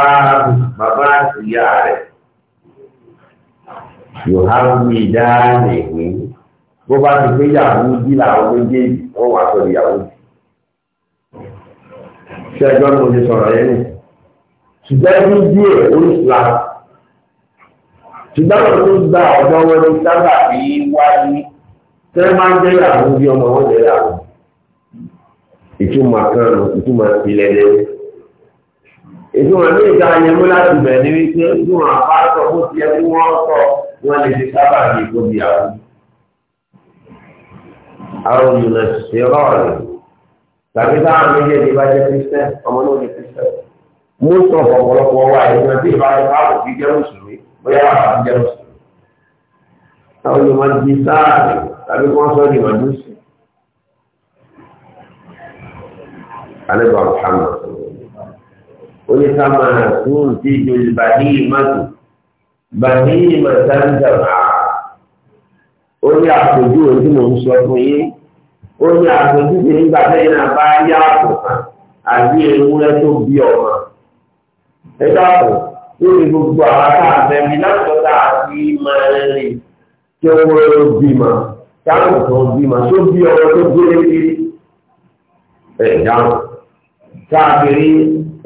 bàbá àtìyá rẹ̀ yohane dáàlì ní bó bá ti pé yàwó bí làwọn méjèèjì wọn wà sọ ìyàwó ṣé ẹjọ́ ni mo sọrọ yẹn nì ṣùgbọ́n ní díẹ̀ ó ṣùgbọ́n mo tún gba ọ̀dọ́ wọn sábà bí wáyé tẹ́ máa ń jẹ́ yàwó bí ọmọ wọn jẹ́ yàwó ìtumọ̀ kan ìtumọ̀ ìdúnwà ní ìjà ayẹmú láti bẹ̀ ní wípé ìdúnwà àpáàtọ̀ bó ti ẹkú wọ́n sọ wọ́n lè fi sábà ní ìkóbi àwọn. àwọn olùlọ ṣe rọ́ọ̀lù tàbí táwọn méjèèjì bá jẹ́ kristẹ́ ọmọ náà ní kristẹ́. mo sọ ọ̀pọ̀lọpọ̀ wa ìgbà tí ìbáraẹni bá wò fi jẹ́ mùsùlùmí bóyá wà á jẹ́ mùsùlùmí. àwọn olùmọ̀ di sáàrì tàbí wọ́n sọ ní ìmọ̀dúsì. alẹ́ oníkàmà tún ti ju bàdí ìmàtò bàdí ìmàtà ń dàgbà ó ní àpèjú ojú mò ń sọ fún yín ó ní àpèjú tí nígbà tẹ́yìn náà bá yá àpò kan àbí ewúrẹ́ tó bí ọmọ ẹ dàpọ̀ lórí gbogbo àwọn àbẹ̀mí látọ̀tà àti máa ń tí ó wọ́n ló bímọ táwọn tó ń bímọ tó bí ọmọ tó gbélé kiri ẹ̀ dáhùn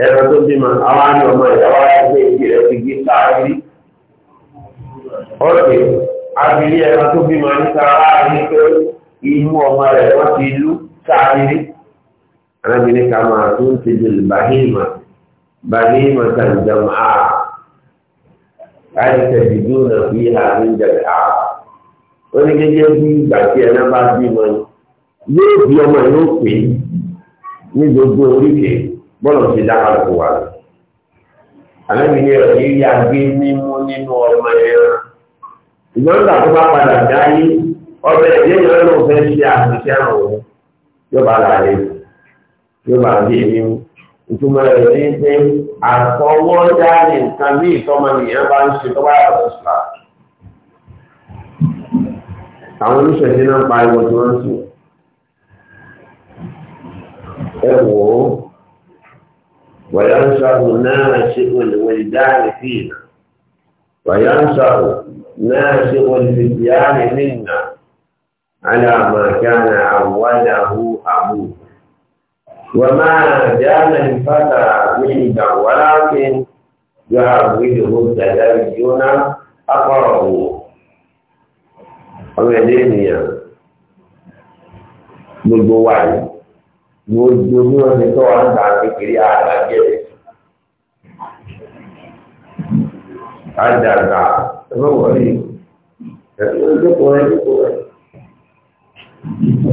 ẹ̀rọ tó ma àwọn àmì ọmọ ìyàwó àgbẹ̀ ìdí rẹ̀ ti gbé sáàrí ọ̀sẹ̀ abìlí ẹ̀rọ tó ma níta láàrin pé inú ọmọ rẹ̀ wọ́n ti lú sáàrí arábìnrin ká máa tún ti di bahima bahima tanjama àìsẹ̀ dìdú náà fi hàmí jẹ̀dá ó ní gẹ́gẹ́ bí ìgbà tí bá yóò bí ọmọ yóò bọ́lọ̀ ti dákàlù kò wà lọ. Àlẹ́bí ni ọ̀rọ̀ yìí yá gbé mímú nínú ọmọ ẹran. Ìgbọ́n nígbà tó bá padà dáyé, ọbẹ̀ ẹ̀jẹ̀ yẹn ló fẹ́ ṣe àṣìṣe àwọn Yóò bá rẹ̀, yóò bá gbé mímú. Ìtumọ̀ rẹ̀ ní pé àtọwọ́dá ni nǹkan bí bá ń ṣe tó bá yàtọ̀ Àwọn náà pariwo وينشر ناشئ الولدان فينا وينشر ناشئ الفتيان منا على ما كان عوده أبوه وما جان الفتى من ولكن يعوده التدين ومن أمدينيا بالجوال yóò ju bí wọ́n ti tọ́ wa ń ta kékeré àgbàjẹ́ rẹ̀. Àjàgbà ẹgbẹ́ wọlé ẹgbẹ́ ìjókòó rẹ̀ jókòó rẹ̀.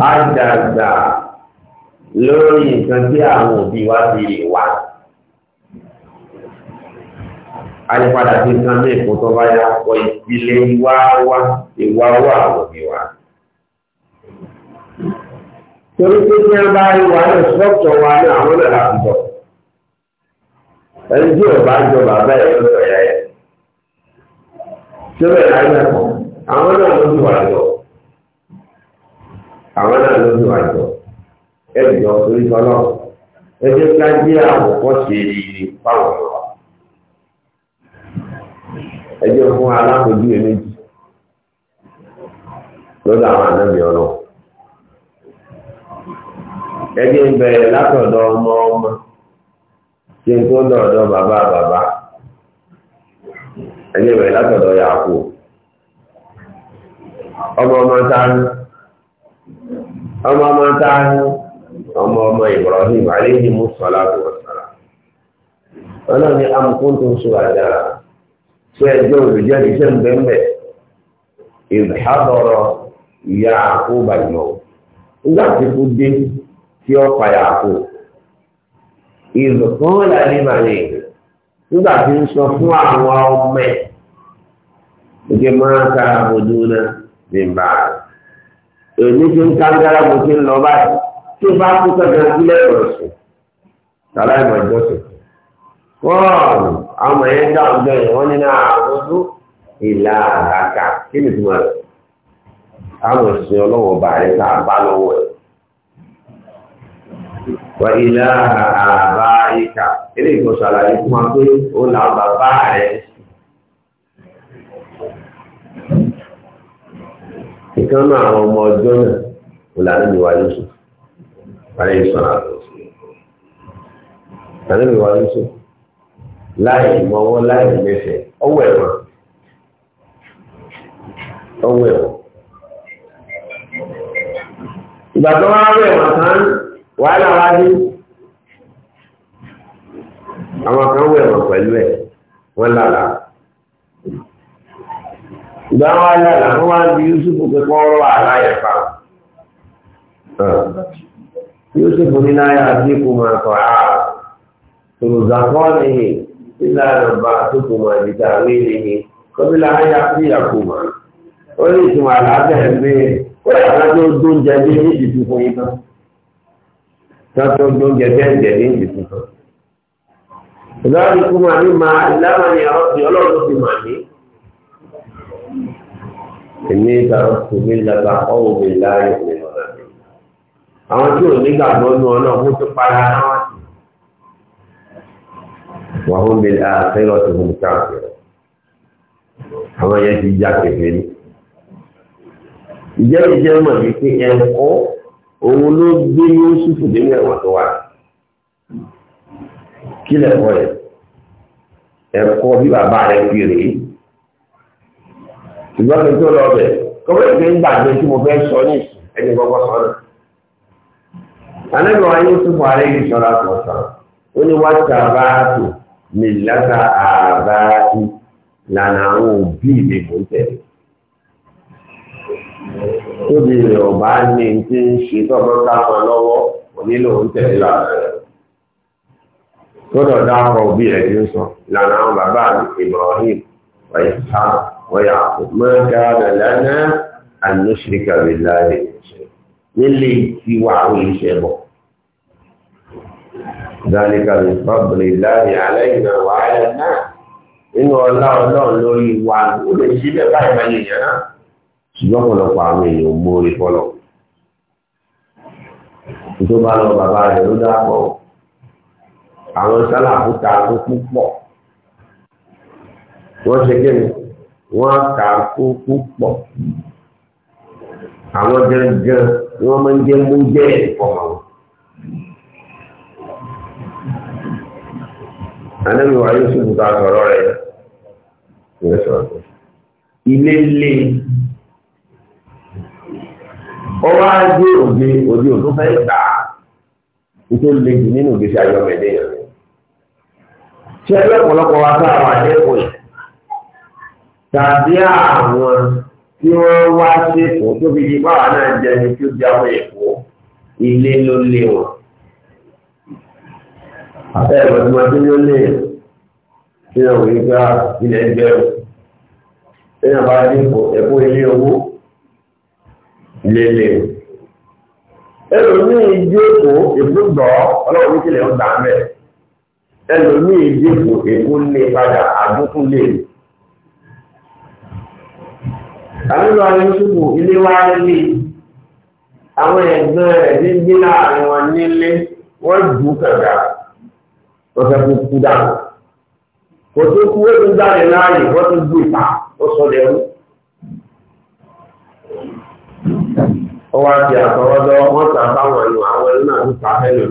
Àjàgbà lórí nǹkan tí àwọn òbí wa fi lè wá. Ayípadà ti san ní ìkótọ́ báyà wọ ìdílé wa wá ìwà wà àwọn òbí wa. torí pé ní a bá rí wa ní ṣọ́ọ̀tọ̀ wa ní àwọn ẹni tí ọba jọ bàbá ẹ̀ lọ́dọ̀ ya ẹ̀ tí ó bẹ̀rẹ̀ ayé ẹ̀kọ́ àwọn náà ló ti wà jọ àwọn náà ló wà jọ torí ká àwòkọ́ ṣe fáwọn ọ̀rọ̀ fún ẹgbẹ́ ń bẹ̀rẹ̀ látọ̀dọ̀ ọmọ ọmọ ṣe tó lọ́dọ̀ bàbá bàbá ẹgbẹ́ bẹ̀rẹ̀ látọ̀dọ̀ yàkó ọmọ ọmọ tánú ọmọ ọmọ tánú ọmọ ọmọ Ibrahim alayhi salatu wassalam ọlọ́run ni amukun tó ń sọ àdára ṣé ẹjọ́ nígbà tí dé tí ó fàyà kù ìbùkún làní màlẹ nígbà tí ń sọ fún àwọn ọmọ ẹ ìgbé máa ń kára bòdú náà bímbà èmi ti ń kángára mo ti ń lọ báyìí tí bá kú sọ́jà sílẹ̀ ọ̀sùn tàlá ìmọ̀ ìjọsìn fọ́ọ̀nù àwọn ẹ̀yẹ́ dá ọjọ́ ìwọ́n nínú àkóso ìlà àràkà kí ni rẹ̀ àwọn òṣìṣẹ́ ọlọ́wọ́ bàrẹ̀ tá a bá lọ́wọ́ ẹ̀ wà ilá àbá ìkà ilé ìgbọ̀nsọ̀ àlàyé fún wa pé ó là bàbá rẹ̀ ìkan náà àwọn ọmọ ọjọ́ náà ó là níbi wa Yusuf parí ìsọ̀rọ̀ àlọ́ là níbi wa Yusuf láì mọ́wọ́ láì mẹ́fẹ̀ẹ́ ọwọ́ ẹ̀wọ̀n ọwọ́ ẹ̀wọ̀n ìgbà tó wá rẹ̀ wọ̀n kan wàhálà wá ní àwọn kan wẹ̀ wọ̀ pẹ̀lú ẹ̀ wọ́n lálà ìgbà wọn lálà wá Yusuf pé ọ̀rọ̀ àlá yẹn Yusuf ní náírà sí kò máa tọ̀ á ah, tòlùzàkọ́ ni ìlà nàbà tó kò máa dìtà wí ni kọ́bílà ayá sí ó ó yàrá tó dóúnjẹ bí fún yín náà. tọ́tọ́ gbóúnjẹ jẹ́ǹjẹ́ ní ìdí tuntun. ìlọ́ọ̀dì kú màá ní máa lámàní ọ̀sìn ọlọ́run fi màá ní. èmi ìtàwọn kò ní lọ́ba ọ̀wọ̀ mi láàyè mi lọ́la mi. àwọn tí ò ní gbàgbọ́ nu ọlọ́run tó para náà sí. wọ́n hún mi àfẹ́rọ̀ tó mú káàkiri. àwọn yẹn ti já kẹfẹ́ ní. ìjẹ́ ìjẹ́ mọ̀ wípé ẹ̀kọ́ òun ló gbé Yúsùfù nínú ẹ̀wọ̀n tó wà kí lẹ́kọ̀ọ́ ẹ̀ ẹ̀kọ́ bí bàbá rẹ̀ fi rèé ṣùgbọ́n mi tó lọ bẹ̀ kọ́wé ìgbé ń gbàgbé tí mo fẹ́ sọ ní ẹni kọ́kọ́ sọ náà alẹ́bí wa Yúsùfù ààrẹ yìí sọ́ra kan sàn ó ní wá sàbáàtò nílàtà àbáàtì lànà àwọn òbí mi kò tẹ̀lé tóbi rẹ̀ ọ̀bá ní ti ń ṣe tọ́gbọ́n kápọ̀ lọ́wọ́ onílò ń tẹ̀lé làbẹ̀ rẹ̀. Tọ́dọ̀ dákọ̀ òbí rẹ̀ ní sọ, ìlànà àwọn bàbá mi Ibrahim, wọ̀nyí sá, wọ̀nyà kò mọ́ká lẹ́lẹ́nà ànúṣìríkà láàyè. Nílé ti wà àwọn iṣẹ́ bọ̀. Dáníkà mi fọ́bìrì láàyè aláìnà wàhálà náà. Nínú ọlá ọlọ́run lórí wa, ó lè ṣí bẹ́ẹ̀ báyìí ṣùgbọ́n ọ̀pọ̀lọpọ̀ àwọn èèyàn mórí fọlọ́ tó bá lọ bàbá rẹ̀ ló dápọ̀ àwọn sálàkú ta kó púpọ̀ wọ́n ṣe kí ni wọ́n ta kó púpọ̀ àwọn gangan ni wọ́n máa ń jẹ́ mú jẹ́ ìfọ̀mọ̀ wọn. Ànábì wa Yusuf ta sọ̀rọ̀ rẹ̀ ilé lé ó wá dé òde òde òtó fẹ́ gbà á ètò lè jù nínú ìgbésí ayé ọmọ ẹ̀dẹ́ yẹn ṣé ẹgbẹ́ ọ̀pọ̀lọpọ̀ wa tá àwọn àdẹ́kùn yìí tàbí àwọn tí wọ́n wá ṣèkó tó fi di báwa náà jẹni tó di àwọn èkó ilé ló lé wọn. Àbẹ́rẹ́ tí wọ́n ti ló lé nínú òwe gba ilẹ̀ ẹgbẹ́ o. Ṣé ìyàbá dínkù ẹ̀kọ́ ilé owó? lele ẹlòmíì ìdí èkó ìbúgbọ̀ ọlọ́run kílẹ̀ ń gbà ẹlòmíì ìdí èkó èkó padà àbúkú lè. àmínú ayé ṣubú ilé wa nílé àwọn ẹ̀gbọ́n gbé láàrin wọn nílé jù kú dànù. kò tó kú láàyè gbé ó wá ti àtọwọ́dọ́ wọ́n ta báwọn ẹnu àwọn ẹnu náà ń ta fẹ́lẹ̀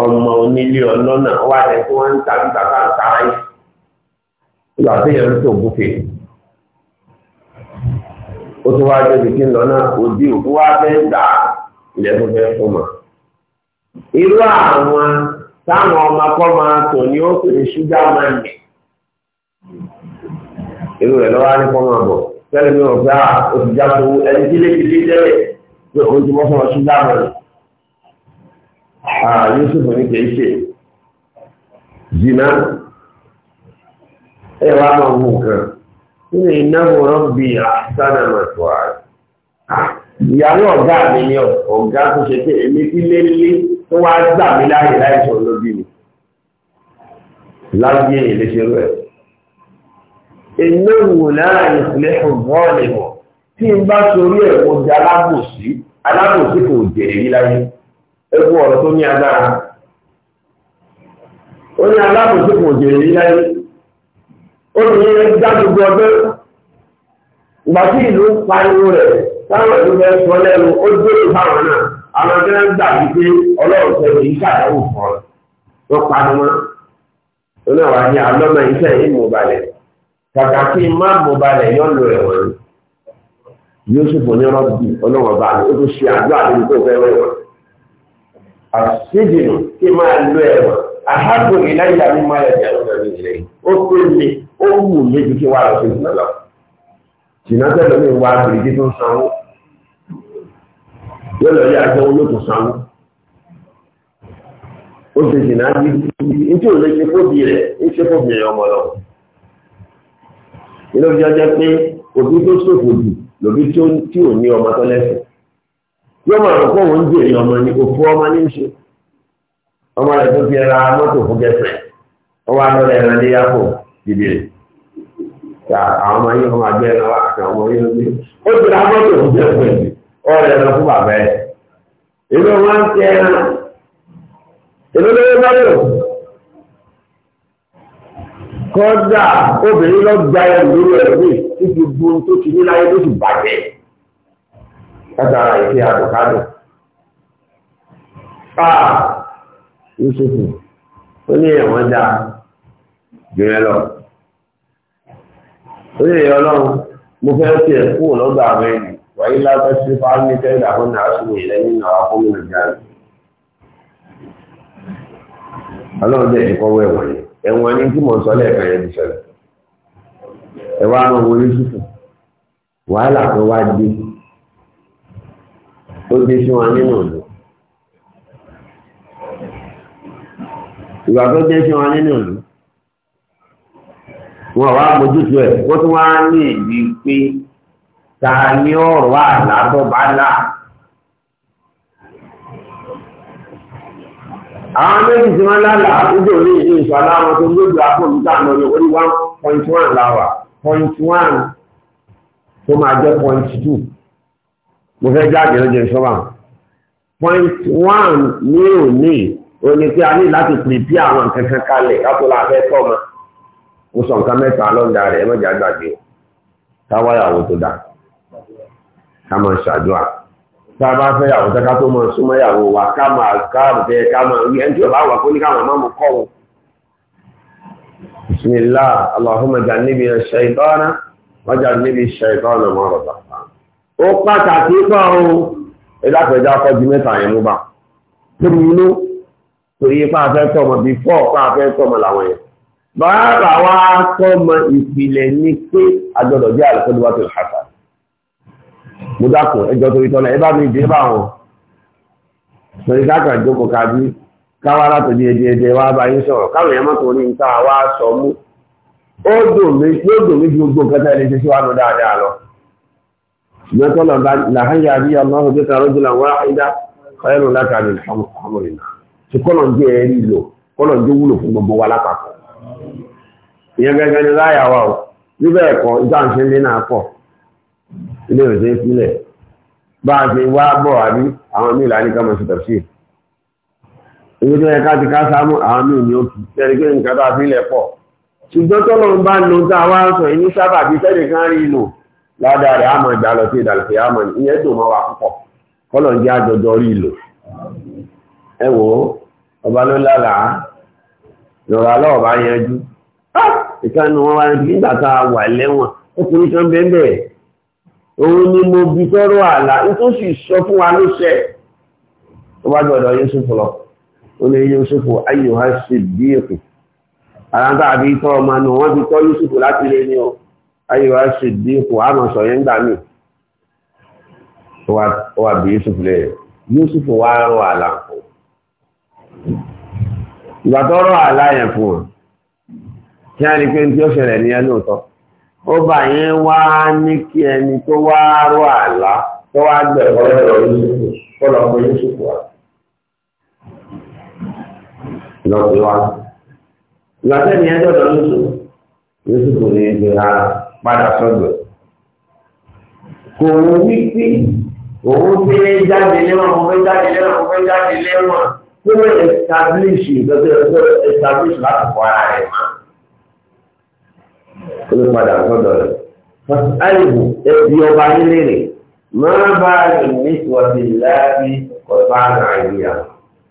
ọmọ onílé ọlọ́nà ó wá tẹ̀ tí wọ́n ń ta ní bàbá ń ta ayé ìgbà tó yẹ ń tó gúfe ó tún débi kí lọ náà òkú wá fẹ́ gbà ilẹ̀ tó fẹ́ fún mọ́ irú àwọn tẹ́lẹ̀ mi ò gbá òṣìṣẹ́ tó ẹni tí lè fi dé tẹ́lẹ̀ pé òun ti mọ́sán ọṣù dáàbò rẹ̀. Ah, Yusuf ní kìí ṣe jìnnà ẹ wá máa wù kan nínú ìnáwó rọ́bì àtàdà màtò ààrẹ. Ìyàwó ọ̀gá mi ni ọ̀gá tó ṣe pé èmi tí lé lé tó wá gbà mí láàyè láìsọ lóbi mi. Láyé ìlẹ́ṣẹ̀rú ẹ̀ ìnáwó láàrin ìfìlẹ́fọ̀ bọ́ọ̀lì wọ̀ tí n bá torí ẹ̀ kó di alábòsí alábòsí kò jèrè rí láyé ẹkú ọ̀rọ̀ tó ní agbára ó ní alábòsí kò jèrè rí láyé ó ní dá gbogbo ọdún ìgbà tí ìlú ń pariwo rẹ̀ táwọn ìlú bẹ sọ lẹ́nu ó dúró fáwọn náà àwọn akẹ́rẹ́ ń gbà wípé ọlọ́run tẹ̀lé iṣẹ́ àdáwò fún ọ wọ́n pariwo ó náà wà ní alọ́mọ iṣẹ́ yìí mú balẹ̀ kàkà kí n má mọ balẹ̀ yọ lọ ẹ̀wọ̀n ni Yusuf onírọ́bì ọlọ́wọ́ bá mi ó tún ṣe àdúrà lórí tó fẹ́ wẹ̀wọ̀n àṣìjìnà kí n máa lọ ẹ̀wọ̀n àhágbò ìláyà mi máa yẹ jẹ́ lọ́dọ̀ ní ilé ó pé mi ó wù mí ju kí wàá lọ sí ìgbà lọ ṣìnà tẹ́lẹ̀ mi wá bìrìkì tó ń sanwó yóò lọ yá jẹ́ olóòtú sanwó ó ti ṣìnà bí ní tí ò lè ṣe fóbi rẹ̀ ń ṣe fóbi rẹ̀ ọmọ lọ́wọ́ ilé ìjọ jẹ́ pé òbí tó ṣòfò jù lòbí tí ò ní ọmọ tó lẹ́sẹ̀ yóò máa rò pé òun ń jèrè ọmọ ni òfò ọmọ ní í ṣe ọmọ rẹ̀ tó fi ra mọ́tò fún gẹ́fẹ̀ ọwọ́ alọ́rẹ̀ ẹ̀rọ ní yàpọ̀ dìbìrì àwọn ọmọ yìí ọmọ àgbẹ̀ ẹ̀rọ àti ọmọ yìí ló ní ó ti ra mọ́tò fún gẹ́fẹ̀ ọ̀rẹ́ ẹ̀rọ fún bàbá ẹ̀ èlò wọn ń ẹran èlò lówó bá lò kọ́dà obìnrin lọ gba ẹrù lórí ẹ̀rọ mi tó ti ní láyé ló bàjẹ́ látara ìfẹ́ àbùkádùn. a yusufu ó ní ẹ̀wọ̀n dá jùlọ lọ ó ní ẹ̀yọ́ ọlọ́run mo fẹ́ ti ẹ̀ kúrò lọ́gbà àwọn ẹ̀yìn wáyé lábẹ́ sí fáwọn ìfẹ́ ìdàkùn náà sùn ìlẹ́yìn náà fún mi nìjà ọlọ́run jẹ́ ìkọ́wé wọ̀nyí ẹ̀wọ̀n ní tí mò ń sọ lẹ́ẹ̀kan yẹn ti ṣẹlẹ̀ ẹ wá rán owó yusufu wàhálà kan wá dé tó dé sí wọn nínú ìlú ìgbà tó dé sí wọn nínú ìlú wọn wá mójútó ẹ wọn tún wá ní ìdí pé ta ni ọ̀rọ̀ àlá tó bá là. àwọn méjì tí wọ́n lálà àtúndò ní ìlú ìṣọ́lá wọn tó lójú àpòmítà lọ ní orí one point one láwà point one tó máa jẹ́ point two mo fẹ́ jáde lọ́jọ́ ìṣọ́bà point one ní òní o ní pé a ní láti pèpè àwọn nǹkan kan kalẹ̀ kátó la fẹ́ tọ́ ma mo sọ nǹkan mẹ́ta lọ́dà rẹ̀ ẹ mọ̀jà gbàgbé káwáyàwó tó dà ká máa ṣàdúrà tá a bá fẹ́ yàwó tẹ́ká tó mọ̀ súnmọ́ yàwó wa ká máa káàbù tẹ́ ká máa rí ẹni tí ọba wà kó ní káwọn máa mú kọ́ wọn. bismillah allahumma jannibi ash-shaytana wa jannibi ash-shaytana ma razaqtana. ó pàtàkì pọ̀ o ẹ̀dáfẹ́já kọjú mẹ́ta yẹn mú bá. torí inú torí ipá afẹ́ tọmọ bíi fọ́ ọ̀pá afẹ́ tọmọ làwọn yẹn. bàbá wa tọmọ ìpìlẹ̀ ni pé agbọ́dọ̀ jẹ́ mo dákun ẹjọ́ torí tọ́lá ẹ bá mi dé bá wọn torí káàkiri àjókòó kábí káwá látòdì ẹdí ẹdẹ wa bá yín sọ̀rọ̀ káwọn èèyàn mọ́tò ní nǹkan àwa sọ mú ó dùn mí dùn mí ju gbogbo nǹkan tá ẹ ṣe síwájú dáadáa lọ ṣùgbọ́n tọ́lá bá làhàyà bí ọlọ́run bí wá ọ̀yẹ́nu kọ́lọ̀ ń jẹ́ ẹ̀rí lò kọ́lọ̀ ń jẹ́ wúlò fún gbogbo wa lápapọ̀ ìyẹn ilé òṣèré sílẹ̀ bá a ṣe wá bọ̀ àbí àwọn míì láàrín ká mọ̀ sí tọ̀sí ìwé tó yẹ ká ti ká sámú àwọn míì ní òkú tẹ́rí pé nǹkan tó a fi lẹ̀ pọ̀ ṣùgbọ́n tó lọ́n bá lo tá a wá sọ yìí ní sábà bí tẹ́lẹ̀ kan rí lò ládàá rẹ̀ àmọ̀ ìgbà lọ sí ìdàlùfẹ́ àmọ̀ ìyẹn tó mọ́ wa púpọ̀ kọ́lọ̀ ń jẹ́ àjọjọ rí lò ẹ wò ó ọba ló lálàá lọ́ra lọ́ọ̀ bá yanjú ah! ìkànnì wọn wá nígbà tá a wà lẹ́wọ̀n ọkùnrin kan bẹ́ẹ̀ bẹ́ẹ̀ òun ni mo bi tọ́rọ àlà nítòsí sọ fún wa ló ṣẹ tó bá gbọ́dọ̀ Yusuf lọ ó lè ayò ha ṣe bí èkó ara tá a tọ́ ọmọ wọ́n tọ́ láti ní o ayò ha ṣe bí èkó àmọ̀ sọ yẹn gbà mí ó wà bí wá rọ fún ìgbà yẹn fún ọ kí á pé ní tí ó ṣẹlẹ̀ ní ó bà yẹn wá ní kí ẹni tó wá rọ àlá tó wá gbẹ̀rọ ọ̀rọ̀ yìí kọ́lọ̀ ọmọ yìí ṣùkú wa. lọ́sí wa ìgbàsẹ́ ni ẹjọ́ lọ lóṣù lóṣù kò ní ṣe ha padà sọ́dọ̀ kò wí pé òun fẹ́ jáde lẹ́wọ̀n mo fẹ́ jáde lẹ́wọ̀n mo fẹ́ jáde lẹ́wọ̀n kó establish ìgbésẹ̀ establish láti fọ ara rẹ̀ máa. ló padà sọ́dọ̀ rẹ̀. Fásáìbù ẹbí ọba nílé rẹ̀ máa bá rìn nítorí láàbí ọ̀tá Nàìjíríà.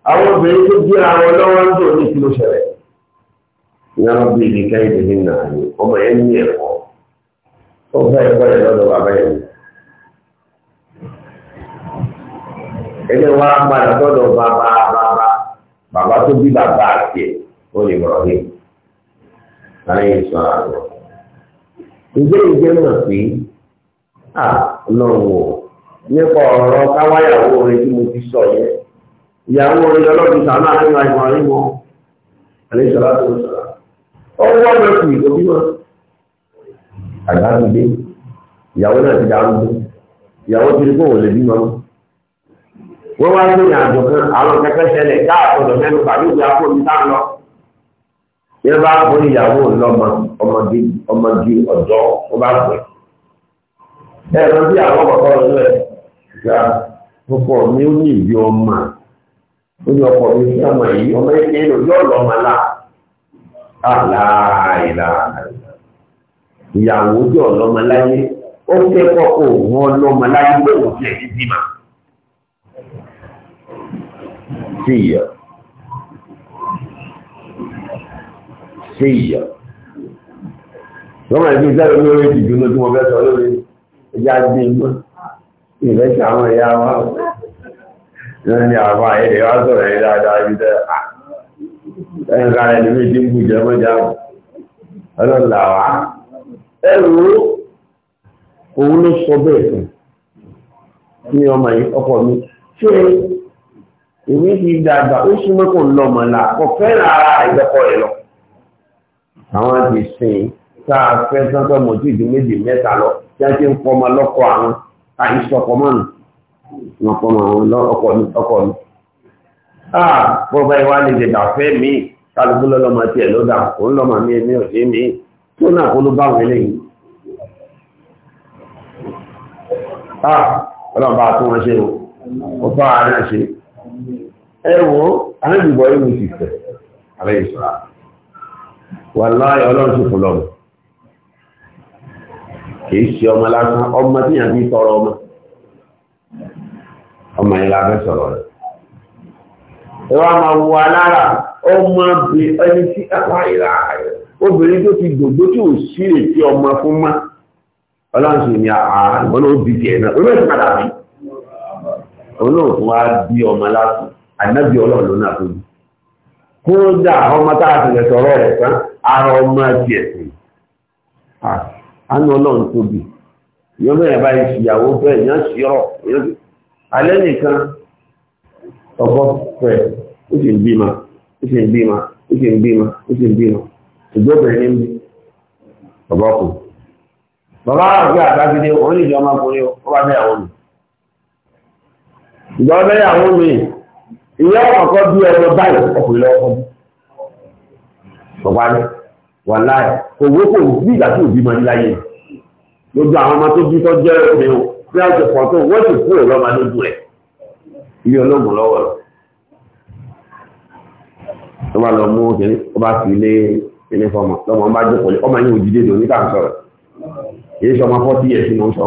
Àwọn obìnrin tó gbé àwọn lọ́wọ́ ń dò ní kí ló ṣẹlẹ̀. Ìyá bí ibi ká ìdílé náà ni ọmọ yẹn ní ẹ̀kọ́. Ó ẹ̀kọ́ yẹn lọ́dọ̀ bàbá yẹn. Ẹgbẹ́ wa padà sọ́dọ̀ bàbá bàbá bàbá tó bí bàbá àti ẹ̀ ó lè ìgbé ìgbé mọ̀ pé à lọ́wọ́ nípa ọ̀rọ̀ káwáyàwó orin tí mo ti sọ yẹn ìyàwó orin ọlọ́dún sàánú àti ìwà ìwà àlejòlá tó sọ̀rọ̀ ọwọ́ ọ̀rọ̀ kù ìgbòbí wọn àgbà ìyàwó náà ti ìyàwó ti kó wọlé bímọ wọn wá ní àjọ kan àwọn kẹkẹ pàdé mi bí wọ́n bá fún ìyàwó lọ́mọ ọmọdé ọmọdé ọ̀dọ́ wọ́n bá fún ẹ ẹ̀rọ bí àwọn ọkọ̀ ọ̀dọ́ ẹ̀ gba ọkọ̀ mi ó ní ìyọ ọmọ ó ní ọkọ̀ mi fún ọmọ yìí ọmọ yìí kí ló yọ̀ lọ́mọ là àlàáìlà ìyàwó jọ̀ lọ́mọ láyé ó kẹ́kọ̀ọ́ òun ọlọ́mọ láyé lóòótọ́ ẹ̀ ti bímọ. See you. ṣe ìyọ̀. Lọ́mọ ìgbín sẹ́rọ lórí ìdìdúnú tí wọ́n fẹ́ sọ lórí ẹja gbé mọ́. Ìrẹsì àwọn ẹ̀yà wa náà ni àwọn ayẹyẹ wa sọ̀rọ̀ ẹ̀ dáadáa bí sẹ́rọ. Ẹ̀yìn kan ẹni mi ti ń bù jẹ́ mọ́jà mọ́. Ọlọ́lá wa. Ẹ̀rù òun ló sọ bẹ́ẹ̀ fún ní ọmọ yìí ọkọ mi. Ṣé ìwé ti dàgbà ó súnmọ́ kò ń lọ kò fẹ́ràn ara ìgbẹ́kọ̀ rẹ̀ lọ àwọn ti sìn tá a fẹ́ sọ́tọ̀ mọ̀ tí ìdí méjì mẹ́ta lọ tí a ti ń kọ́ ọmọ lọ́kọ̀ àwọn àìsọ̀kọ̀ mọ́nù wọn kọ́ ọmọ àwọn ọkọ̀ mi ọkọ̀ mi. a bọ́ba ìwà lè dè dà fẹ́ mi kálukú lọ́lọ́mọ tiẹ̀ ló dà òun lọ́mọ mi èmi ò sí mi tó náà kó ló bá wọn eléyìí. a ọlọ́ba tó wọn ṣe o ó fọ́ àárẹ̀ ṣe ẹ wo àrẹ́bùbọ̀ ewu ti fẹ̀ àrẹ́ ìṣọ́ra wàláhì ọlọ́run sì fún lọ́rùn kìí ṣe ọmọ lásán ọmọ tí yàn fi tọrọ ọmọ ọmọ yẹn la fẹ́ sọ̀rọ̀ rẹ̀ ẹ wá máa wọ alára ọmọ bí ẹni tí ẹ̀fà ìlà obìnrin tó ti gbogbo tí ò sí ètí ọmọ fún mọ́ ọlọ́run sì ní àwọn òbí tiẹ̀ náà ó lóòtú padà bí òun náà fún wa bí ọmọ lásán ànábì ọlọ́run ló náà tó bí kódà ọmọ tá a sì lè sọ̀rọ̀ rẹ̀ tán ara ọmọ ẹbí ẹ̀sìn àánú ọlọ́run tóbi yóò bẹ̀rẹ̀ báyìí ṣìyàwó bẹ́ẹ̀ yàn sí ọ̀rọ̀ alẹ́ nìkan ọkọ fẹ́ ó sì ń bímọ ó sì ń bímọ ó sì ń ó sì ń bẹ̀rẹ̀ ní kù bàbá àgbẹ̀ àgbàgídé òun bá mi ìyá ọkọ̀ bí ọmọ báyìí ọkùnrin lọ́wọ́ tọ́parí wà láì owó kò bí ìgbà tí òbí máa ń láyé lójú àwọn ọmọ tó bí tó jẹ́ obìnrin o bí wọ́n ti pọ̀ tó wọ́n ti kúrò lọ́mọ lójú rẹ̀ ilé ológun lọ́wọ́ lọ. tó bá lọ mú kiri ó bá fi ilé ilé fọmọ lọmọ bá jókòó lé ọmọ yẹn ò jíde lóní ń sọ̀rọ̀ èyí sọ ọmọ fọ́tí yẹn tí mo ń sọ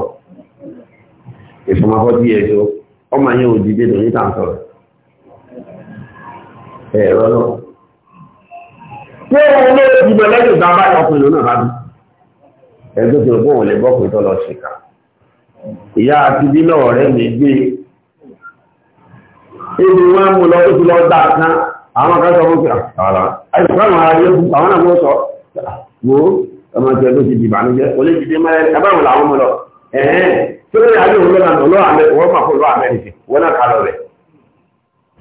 èyí sọ ọmọ fọ́tí yẹn tó ọmọ yẹn ò jíde lóní ń sọ̀rọ̀ ẹ̀rọ náà. ṣé òun ló ti bọ̀ lẹ́yìn ìgbà bá ọkùnrin náà ẹgbẹ́ tí ogún òun lè bọ́ pé tó lọ ṣèkà ìyá àti bí náà ọ̀rẹ́ mi gbé ebi wọn mú lọ ó ti lọ gbà kan àwọn kan sọ fún fún àwọn náà mú sọ wo ọmọ tí ẹgbẹ́ ti di ìbànújẹ́ làwọn mú lọ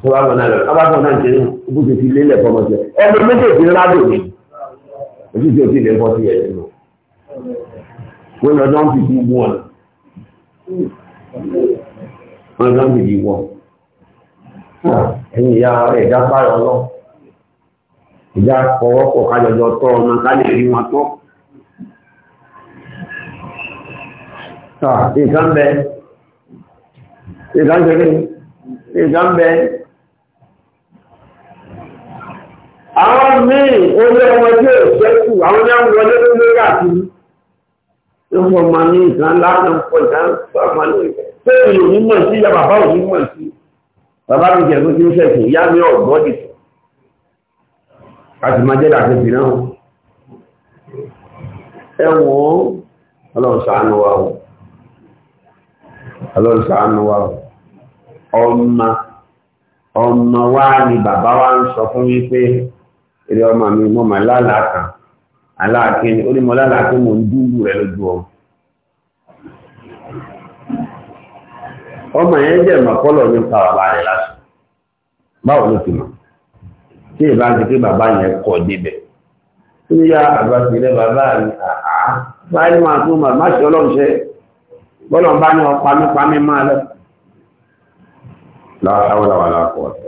tó bá gbọ́nà lọ bá gbọ́nà jẹ́rìn ogún ti fi lélẹ̀ fọmọ sí ẹ ẹgbẹ́ méjèèjì ńlá dò ní ojú tí o ti lè bọ́ sí ẹ̀ nínú wọn lọ dán fi gbogbo wọn wọn lọ dán fi yí wọn ẹ̀yin ìyá rẹ̀ ìjà fáyọ̀ lọ ìjà fọwọ́pọ̀ kájọjọ tọ́ ọmọ kálí rí wọn tọ́ nǹkan bẹ nǹkan bẹ nǹkan bẹ àwọn míì orí ọmọ tí ò ṣẹ́kù àwọn ní àwọn wọlé tó lórí àtìrí ló fọ ọmọ ní ìtàn láàrín ọpọ ìtàn fún ọmọ ní ìfẹ́ tó ìlú mímọ̀ sí ìyá bàbá ò mímọ̀ sí bàbá mi jẹ́ tó ti ń ṣẹ̀kù ìyá mi ọ̀gbọ́n dì àti máa jẹ́ dàbí fi náà ẹ̀wọ̀n ọlọ́run ṣàánú wa o ọlọ́run ṣàánú wa o ọmọ ọmọ wa ni bàbá wa ń sọ fún wípé eré ọmọ mi mọ́ mà lálàá kan aláàkín ó ní mọ́ lálàá pé mò ń dúró rẹ̀ lójú ọ. ọmọ yẹn jẹ́ mọ̀kọ́lọ̀ nípa bàbá rẹ̀ lásán báwo ló ti mọ̀ tí ìbá ti pé bàbá yẹn kọ́ débẹ̀ tó yá àgbà sílẹ̀ bàbá mi àá báyìí máa tó màmá sí ọlọ́run ṣe bọ́lọ̀ bá ní ọpa mi pa mi máa lọ. láwọn sáwọn làwọn làwọn kọ̀ ọ̀sẹ̀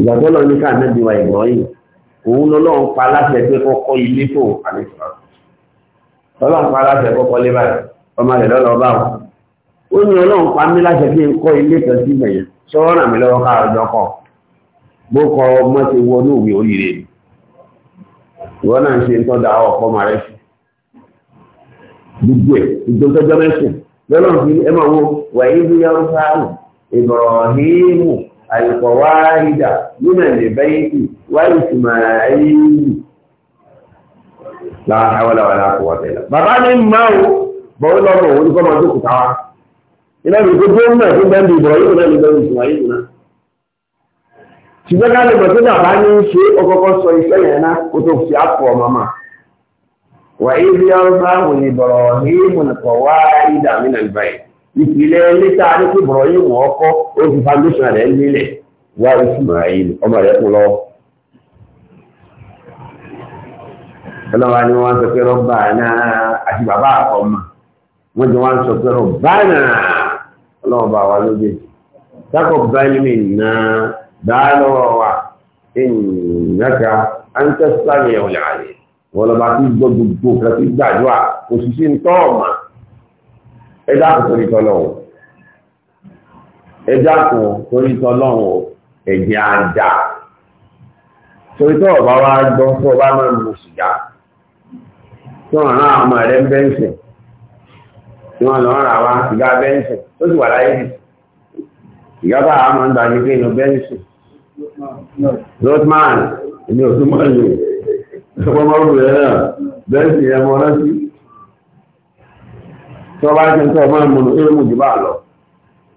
ìgbàgbọ́ lọ ní ká nẹ́bí wa ìgbọ́ yìí òun lọ́lọ́run pa aláṣẹ pé kọ́kọ́ ilé tó àlejò lọ́lọ́run pa aláṣẹ kọ́kọ́ lé báyìí ọmọ rẹ̀ lọ́lọ́ bá wọn ó ní ọlọ́run pa mí láṣẹ pé kọ́ ilé kan sí ìgbẹ̀yẹn sọ́wọ́n ràn mí lọ́wọ́ ká ọjọ́ kọ́ bó kọ ọmọ ti wọnú mi oríire ìwọ náà ń ṣe ń tọ́jà ọkọ̀ máa rẹ̀ sí gbogbo ẹ̀ ìgbóntọ́jọ́ mẹ́sìn lọ́lọ́run fi ẹ àìkọ̀wáhídà nínà lè bẹ́yìí wá ìsìmáyìí láàáwọ́láwọ́lá àkọwọ́tẹ̀lá. Bàbá ní máa bọ̀wọ́ lọ́pọ̀ òun kọ́ máa tó kùtà wá. Ilé ìgbé ń mẹ́ fún bẹ́ndì ìbọ̀rọ̀ yóò lẹ́nu bẹ́ndì ìsìmáyìí nù Ṣùgbọ́n ká lè mọ̀ bàbá ní ṣe ọkọ̀kọ́ sọ iṣẹ́ yẹn ná kó tó fi àpò ọmọ Wà á ọ̀rọ̀ báwo ni ní wá ìdàmínà ìbáyìí. ìpìlẹ̀ lẹ́tà àdékù bọ̀rọ̀ yìí wọ́n kọ́ ó fi foundation rẹ̀ nílẹ̀ wá Ismail ọmọ rẹ̀ kú lọ. ọlọ́wà ni wọ́n sọ pé rọ́bà náà àti bàbá ọmọ wọ́n jọ wọ́n sọ pé rọ́bà náà ọlọ́ọ̀bà wa lóde sákọ̀ báyìí náà dáálọ́wọ́ wa ìnáka àǹtẹ́sítàmì ọ̀lẹ́ wọ́n lọ́ba tí gbọ́ gbogbo kan tí gbàdúrà òṣìṣẹ́ ń tọ́ ọ̀mà ẹjá kò torí tọ́lọ́wọ́ ẹjá kò torí tọ́lọ́wọ́ ẹ̀jẹ̀ ajá torí tọ́ ọ̀bá wa gbọ́ tó ọba máa mú sìgá tó ràn án ọmọ rẹ̀ ń bẹ́ǹsì tí wọ́n lọ rà wá sìgá bẹ́ǹsì tó sì wà láyé sìgá bá àwọn máa ń dájú pé inú bẹ́ǹsì Rothman èmi ò túmọ̀ lò ọgbọ́n mọ́rùn-ún rẹ̀ náà bẹ́ǹsì yẹn mọ́ rántí. tí wọ́n bá ọmọ ìmúlò ìrìnmù lọ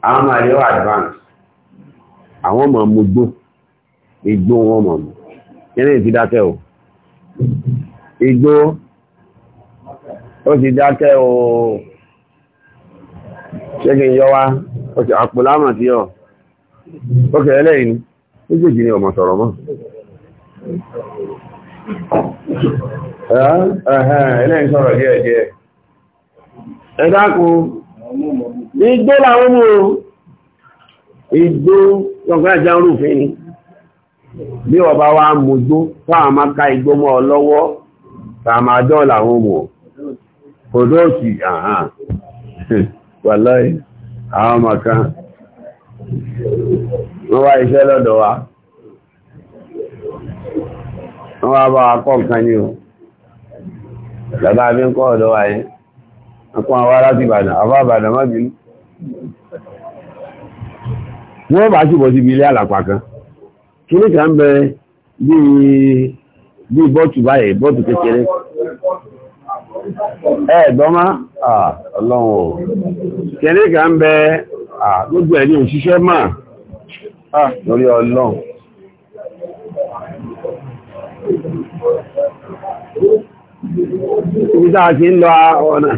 àwọn máa yọ advance àwọn ọmọ mú gbó igbó wọn mọ̀ mú dákẹ́ o igbó ó ti dákẹ́ o ṣé kí n yọ wá àpò lámọ̀ tí yọ ó kẹ̀rẹ́ lẹ́yìn ní méjèèjì ni ọmọ sọ̀rọ̀ mọ́ ẹlẹ́yìn ẹ̀dákun igbó làwọn mú o igbó lọ́gbọ́n ẹja orúfin ni bí ọba wa mójó fáwọn máa ká igbó mọ́ ọ lọ́wọ́ tàmàdọ́ mú o kò lóòsì àhán wàláì àwọn màkà wọ́n wá iṣẹ́ lọ́dọ̀ wa wọ́n wá bá wa kọ́ nǹkan ní o bàbá mi ń kọ́ ọ̀dọ̀ wa yẹn àpọ̀ àwọn ará ti bàdàn àbá bàdàn má bínú wọ́n bá túbọ̀ sí ibi ilé àlàpà kan kí ní kà ń bẹ bí bọ́ọ̀tù báyìí bọ́ọ̀tù kékeré ẹ̀ẹ̀dọ́má ọlọ́run ò kí ní kà ń bẹ gbogbo ẹ̀ ní òṣìṣẹ́ máa lórí ọlọ́run ibi tá a ti ń lọ ọ̀nà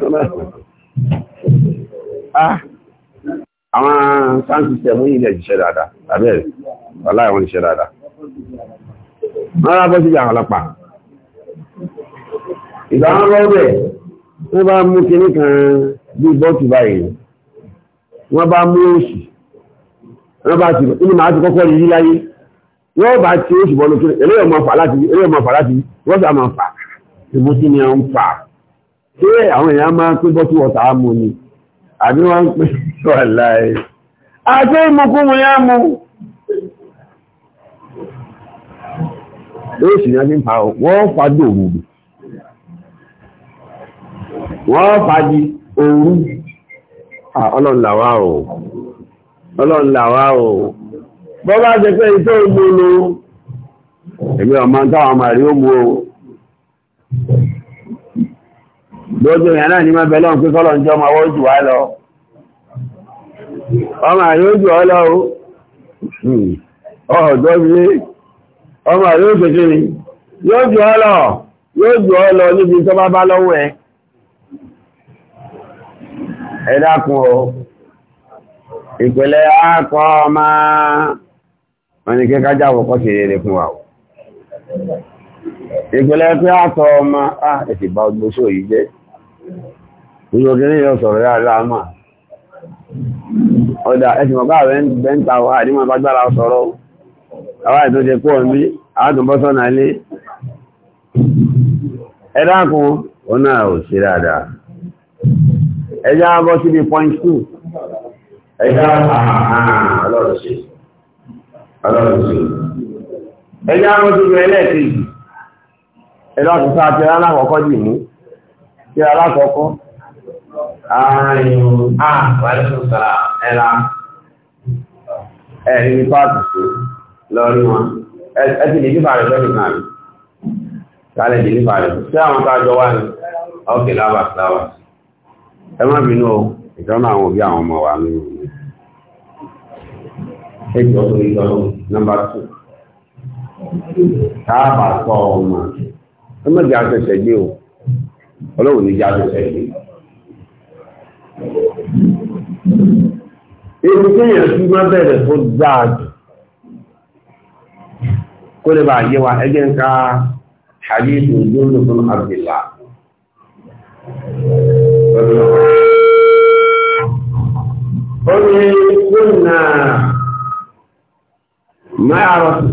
ah, àwọn sáǹsì tẹ̀mú ilẹ̀ ìṣẹ́ dáadáa tàbí ẹ̀rẹ̀ ọláì wọn ìṣẹ́ dáadáa wọ́n rábọ́ sí àwọn ọlọ́pàá ìgbà wọn lọ bẹ̀ wọ́n bá mú kinní kan bí bọ́ọ̀tù báyìí wọ́n bá mú òṣì wọ́n bá ti inú màá ti kọ́kọ́ rí láyé wọ́n bá ti oṣù bọ́ọ̀lù kí eléyọ̀ mọ̀ fà láti wọ́n sì á mọ̀ fà ìbú tí ni wọ́n ń fà ṣé àwọn èèyàn máa ń pín bọ́tú ọ̀tà ámú ni àbí wọ́n ń pín ṣọ́ọ̀lá ẹ̀ àti ìmúkúmu yá mú lórí ìsìn yẹn fi ń fa wọ́n fàájú òwúrú wọ́n fàájú òwúrú ọlọ́nlàwà o ọlọ́nlàwà o bọ́ bá jẹ́ pé ìtọ́ ìmú ló ẹgbẹ́ ọmọ táwọn ó mú o gbogbo èèyàn náà ní máa bẹ̀lọ́ pé kọ́lọ̀ ń jọ ma wọ́n jù wá lọ ọmọ àrí ó jù ọ lọ o hmm. ọ̀dọ́ bí ọmọ àrí ó kékeré ni yóò jù ọ lọ yóò jù ọ lọ níbi tó bá bá lọ́wọ́ ẹ ẹ dákun o ìpìlẹ̀ akọ ọmọ wọn ni kí kájà wọ́kọ́ ṣe rere fún wa o ìpínlẹ̀ pé àtọ ọmọ àti bá gbóṣò yìí jẹ́ ìròkìrí yóò sọ̀rọ̀ yára àmà ọ̀dà ẹ̀sìn mọ̀ká rẹ̀ ń ta wà ní mọ̀ bágbára sọ̀rọ̀ àwá ètò jẹ pọ̀ ní àádùnbọ́sọ́nà ilé ẹ̀dàkùn ó náà ò sí dáadáa ẹjá bọ́ síbi point two ẹjá ọlọ́rọ̀ sí ẹjá bọ́ síbi ẹlẹ́ẹ̀kejì ẹlọ́dún tó àti alákọ̀ọ́kọ́ jì mú tí alákọ̀ọ́kọ́ ààrùn àwàlẹ́sọ̀sára ẹ̀lá ẹ̀rin ní pàtàkì lọ́rí wọn ẹ̀tì lè nípa rẹ̀ lọ́rí náà kálẹ̀ lè nípa rẹ̀ tí àwọn tàjọ wà ní ọkẹ̀ lábàtàwà ẹ má bínú ìjọ́nà àwọn òbí àwọn ọmọ wa nínú ẹjọ́ tó ìjọ́nà nọ́mbà 2 káàbà sọ ọmọ ẹ má jà sẹ̀sẹ̀ gbé o ọlọ́run ní jà sẹ̀sẹ̀ gbé. Èmi kéèyàn tí máa bẹ̀rẹ̀ fún dáàdù kó lè bá yé wa ẹgbẹ́ ń ka hadith Jundub fún Abdullah. Ó ní kúnnà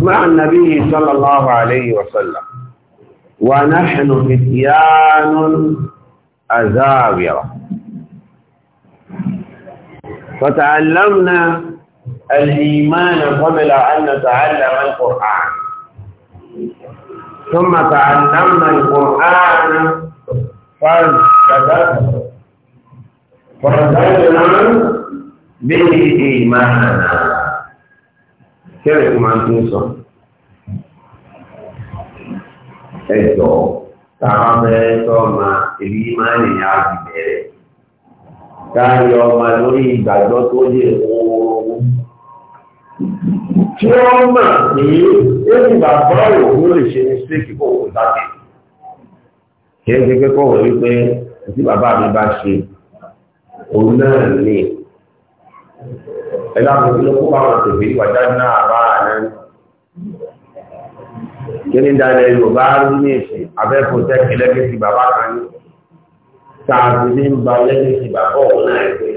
مع النبي صلى الله عليه وسلم ونحن فتيان أزاورة فتعلمنا الإيمان قبل أن نتعلم القرآن ثم تعلمنا القرآن فارتدنا به إيمانا كيف ما تنصر ẹjọ́ táwọn fẹ́ sọ́ọ̀mà èyí máa ń yàn á ti bẹ̀rẹ̀ káyọ ọmọ lórí ìgbàgbọ́ tó lè oòrùn tí wọ́n mà ní ẹni bàbá òun lè ṣe ní sílẹ̀kì kò wọ́n dákẹ́ kí ẹ kékeré kọ̀ wọ́n wípé tí bàbá mi bá kíní dalẹ̀ yorùbá rí ní ìsìn abẹ́kù tẹ́kì lẹ́gẹ̀ẹ́sì bàbá kan ní tààbí ní ń ba lẹ́gẹ̀ẹ́sì bàbá òun náà ẹgbẹ́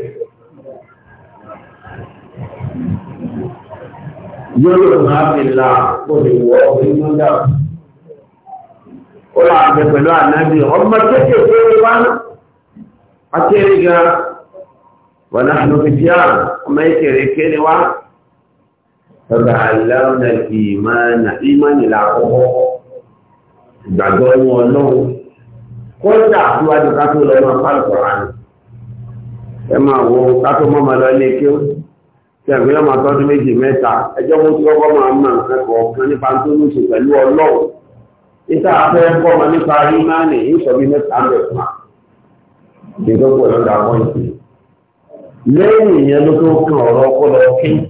yóò máa fi la kó lè wọ ọkùnrin ló dà ó là ń bẹ pẹ̀lú ànábì ọmọ kéékèèké wá akéèrè gan wọn náà ló fi bí àrùn ọmọ ìkèrè kéèrè wá. ọ̀rọ̀ aláwọ̀nà ìmáànà ìmáànì làkọ́kọ́ ìgbàgbọ́ ẹ̀wọ̀n ọlọ́run kọ́ńtà síwájú kátó lọ máa ụlọ ẹ máa wo kátó mọ́ lọ ilé kí ó tí máa tọ́jú méjì mẹ́ta ẹjọ́ máa kan nípa tó ṣe pẹ̀lú ọlọ́run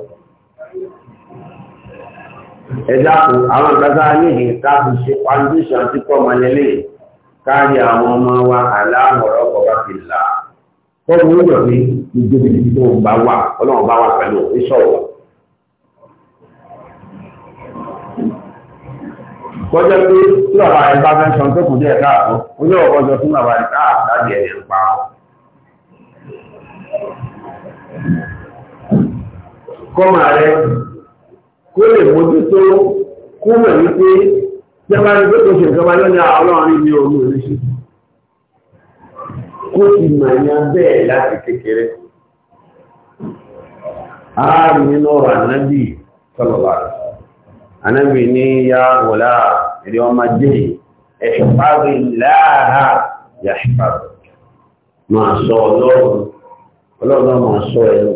ẹ̀dá kù àwọn ìgbàgbà ní káàkiri ṣe foundation tí kọ́ ọmọ lélẹ̀ àwọn ọmọ wa aláàmọ̀rọ̀ ọba fìlà tọ́jú ń yọ̀ pé tó ń bá wà ọlọ́run bá wà pẹ̀lú ìṣọ̀wọ̀. kọjá pé bá fẹ́ sọ tó kù díẹ̀ ó yọ̀ kó lè mójútó kó mọ̀ wípé jẹba ní pẹ́kọ̀ ṣe ìjọba yọ́ ní ọlọ́rin ní orí oríṣi kó ti mọ̀ ní abẹ́ẹ̀ láti kékeré ààrùn nínú ọ̀rọ̀ ànábì sọ̀rọ̀lá ànábì ní ya wọ̀lá ẹ̀rẹ́ ọmọ jẹ́ ẹ̀ṣọ̀páàrí láàá yàṣùpáàrí máa sọ ọlọ́run ọlọ́run máa sọ ẹ̀rọ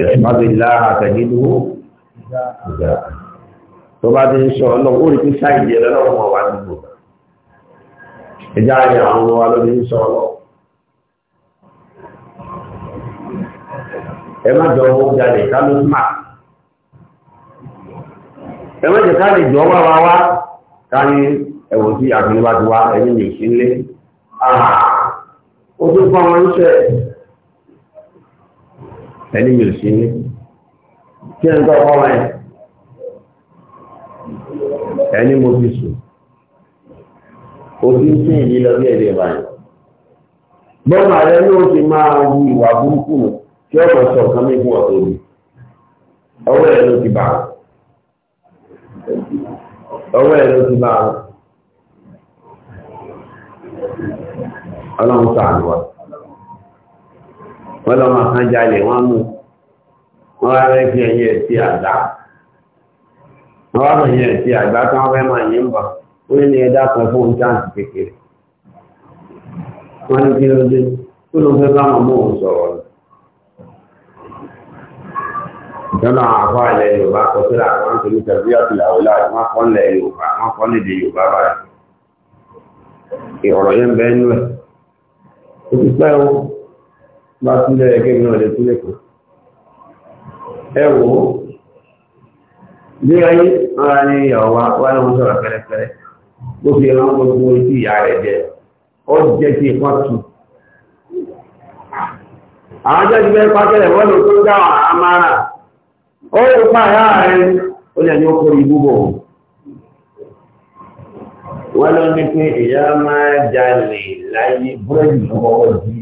احفظ الله تجده مجاهدا tó bá ti ń sọ ọlọ́run ó rí pé ṣáìdì wà nígbò àwọn ọmọ wa ń sọ ọlọ́run ẹ má jọ owó jalè ká ló má ẹ má jẹ ká lè jọ wá wa wá ká ní ẹwọ tí àfihàn bá ti wá ẹni ẹni mi ò ṣe é kí ẹ ń tọ́ ọmọ ẹni mo fi sùn òfin sí ìdí lọ bí ẹ̀dẹ̀ báyìí bọ́ọ̀mù ààrẹ yóò ti máa wu ìwà burúkú nù tí ọ̀pọ̀ sọ kan mi fún ọ̀tọ̀ mi ọwọ́ ẹ̀ ló ti bá ọwọ́ ẹ̀ ló ti bá ọlọ́run wọ́n lọ́mọ kan jalè wọ́n mú wọ́n wá rẹ́ fi ẹ̀yìn ẹ̀tì àgbá wọ́n wá rẹ̀yìn ẹ̀tì àgbá tó wọ́n fẹ́ máa yín bọ̀ ó ní ẹ̀dá kan fún jáǹtì kékeré wọ́n ní kí ló dé kó ló fẹ́ bá wọn mú òun sọ̀rọ̀ lọ. ìjọba àwọn afọ ilẹ̀ Yorùbá kọ sílẹ̀ àwọn ń tẹ̀lé tẹ̀lé àtìlà wọn kọ́ ilẹ̀ Yorùbá wọn kọ́ nídìí Yorùbá báyìí ìrọ̀rọ̀ yẹn bẹ́ẹ̀ nú ó ti pẹ́ wọn bá tún lẹ́rẹ̀ kẹ́mi náà lè tún lẹ́kọ̀ọ́. ẹ wò ó bí ayé ara ní ìyàwó wa wá ní wọn sọ̀rọ̀ pẹ́rẹ́pẹ́rẹ́ ó fi ẹran gbogbo etí ìyá rẹ̀ jẹ ó jẹ́ kí ipa tù. àwọn jẹ́ ìgbẹ́ pákẹ́lẹ̀ wọ́n lè tó dá àwọn amára ó lọ ní pé ìyá máa jalè láyé búrẹ́dì lọ́wọ́ jí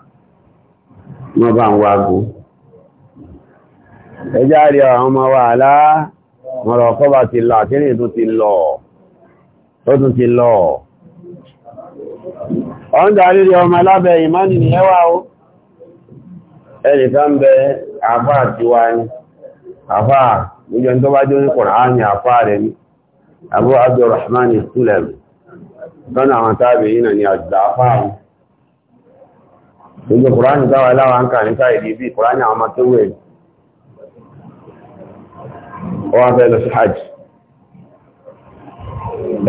wọ́n bá ń wágó ẹjá rí àwọn ọmọ wa aláà mọ̀rọ̀ ọ̀kọ́ bá ti lọ àkírí tó ti lọ ó tún ti lọ ọ̀ndà rírí ọmọ alábẹ̀ ìmánì ni ẹwà ó ẹnìkan bẹ àfá àti wá ní àfá níjọ tó bá jẹ́ ní àfá rẹ̀ ní Abu Abdurrahman Sulem tọ́nà àwọn gbogbo kùránì táwà aláwà ń kà ní káìdì bí kùránì àwọn makéwé wọ́n fẹ́ lọ sí hajj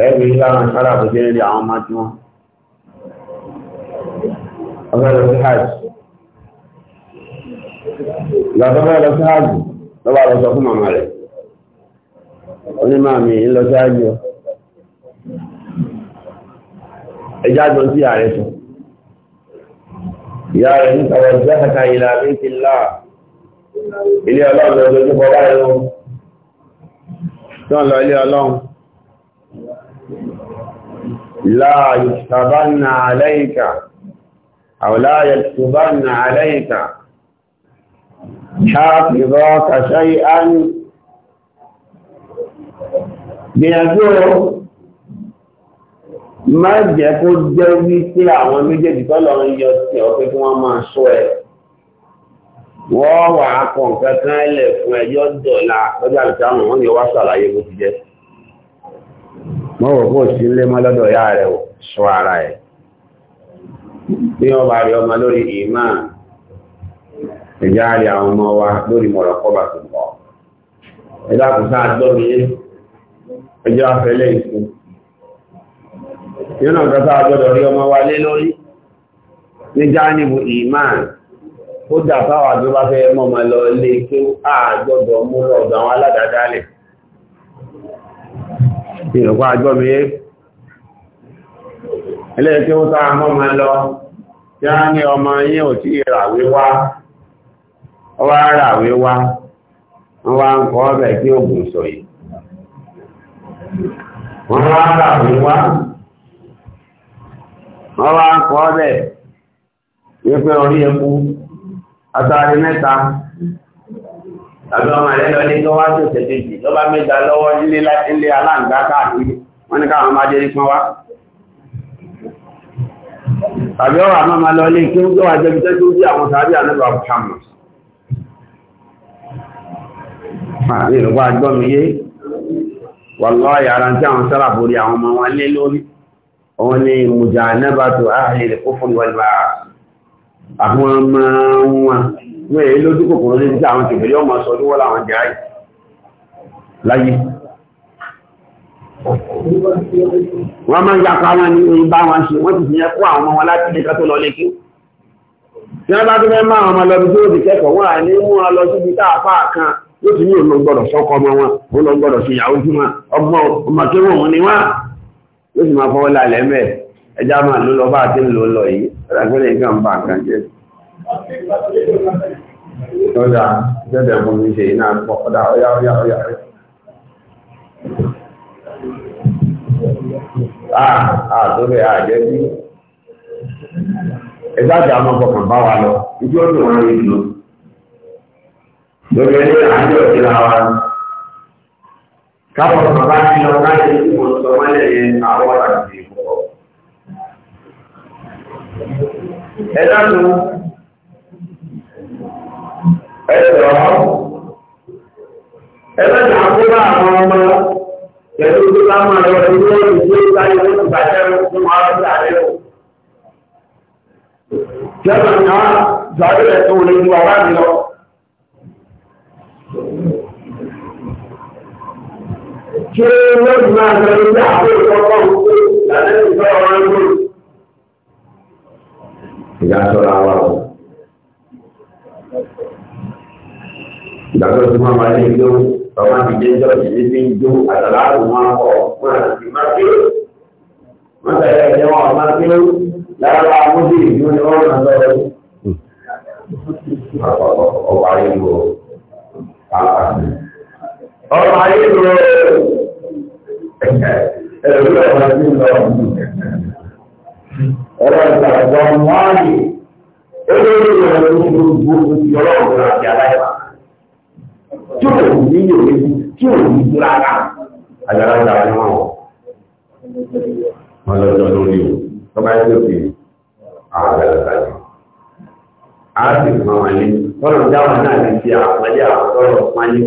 ẹ̀rì láwọn sára fún jẹ́rì àwọn ọmọ wọ́n fẹ́ lọ sí hajj lọ́tọ́ lọ sí fún màmá rẹ̀ ó mi lọ sí hajj ẹjá jọ sí ààrẹ sùn ìyá rẹ̀ ní tàwọ̀jẹ́ ẹ̀ka ìlà àbíkì ńlá ilé ọlọ́run lọ dojú kọ báyìí o tán lọ ilé ọlọ́run láàyè tàbánà aláìkà àwòláyè tàbánà aláìkà ṣáàpìrọ kàṣáyé án gbìyànjú má jẹ́ kó jẹ́ wípé àwọn méjèèjì tọ́lọ ń yọ sí ọ pé kí wọ́n máa sọ ẹ̀ wọ́n wà á kọ̀ nǹkan kan lẹ̀ fún ẹjọ́ dọ̀la lọ́jọ́ àlùkò àwọn wọ́n ní wá ṣàlàyé bó ti jẹ́ mọ́ wọ́n kò sí lé mọ́ lọ́dọ̀ ìyá rẹ̀ ò sọ ara ẹ̀ bí wọ́n bá rí ọmọ lórí ìmọ̀ ìjà rí àwọn ọmọ wa lórí mọ̀rọ̀ kọ́bà tó ń bọ̀ ẹ̀dá kò sáà dọ́ mi ẹjọ́ afẹ́lẹ́ ìsìn nínú ọ̀dọ́ tá gbọ́dọ̀ rí ọmọ wa lé lórí ní iman ó dà fáwọn àti bá fẹ́ mọ́ ma lọ lé kí a gbọ́dọ̀ ọ̀dọ̀ àwọn aládàádálẹ̀ ìrọ̀pá agbọ́mi yé ẹlẹ́ẹ̀kí ó sáà mọ́ ma lọ tí a ní ọmọ yí ò tí ìràwé wá wọ́n wá ń wọ́n wá ń kọ́ bẹ̀ wípé orí epo àtàrí mẹ́ta tàbí ọmọ rẹ̀ tó wá tó tó bá mẹ́ta lọ́wọ́ ilé aláǹgá káàkiri wọ́n ní káwọn máa jẹ́rí pọ́n wá tàbí ọwà máa máa lọ kí ó wà jẹ́bi àwọn ànẹ́bà wà lọ́ọ̀yà ara tí àwọn sára borí àwọn ọmọ wọn lé òun ni mujanabatu ahli al-kufri wal ma'asi àwọn ọmọ wọn wọ́n èyí lójú kòkòrò ní títà àwọn kèfèrè ọmọ sọ ní wọ́n láwọn jẹ́ àì láyé wọ́n máa ń yapa wọn ní oyin bá wọn ṣe wọ́n ti fi yẹ kó àwọn ọmọ wọn láti lè ká tó lọ lékí tí yóò sì máa fọwọ́ lálẹ́ mẹ́ ẹjá máa ló lọ bá àti ń lò lọ yìí rágbẹ́lẹ̀ nǹkan bá nǹkan jẹ́ lọ́dà jẹ́dẹ̀ fún mi ṣe iná pọ̀ ọ̀dà ọ̀yá ọ̀yá ọ̀yá àà tó bẹ̀ àà jẹ́ bí ẹgbẹ́ àti àwọn ọkọ̀kan bá wa lọ ibi ó dùn wọn rí lọ lórí ẹni àjọ ìlà wa káwọn bàbá ti lọ láti ìwò sọmọlẹ yẹn àwọn àti ìwọ. ẹ dákun ẹ jọ ẹ bẹ jọ àkóbá àwọn ọmọ pẹ̀lú tó bá máa lọ sí lórí tó láyé tó ti bàjẹ́ fún wa lọ́sẹ̀ àlẹ́ o. jẹ́bẹ̀ẹ́ náà gbàdúrà tó ju ara mi lọ. ṣé wọ́n ti máa sọ ní àwọn ìkọ́kọ́ òkú lálẹ́ ìfẹ́ ọ̀rọ̀ ń gbòòrò. ìyá sọ́ra wa o. ìgbàgbọ́ tí wọ́n máa lé ló ọmọ àti jẹ́jọ́ ìdílé fi ń jó àtàláàbò wọn kọ̀ wọn àti má ẹ̀rọ ẹ̀rọ ti lọ ọ̀rọ̀ ìgbàgbọ́ mọ́ọ̀lì olórí ìrọ̀lẹ́ ní gbogbo ti ọlọ́ọ̀gbọ̀n àti aláìwá tí ò ní yòókè tí ò ní rárá àjàrà ìgbà ni wọn wọn lọ jọ lórí o tó bá yẹ kí àwọn àgbàlá sáré a sì fún àwọn ilé wọn lọ dáwọn náà ní ti àwọn ilé àwọn tọrọ pálí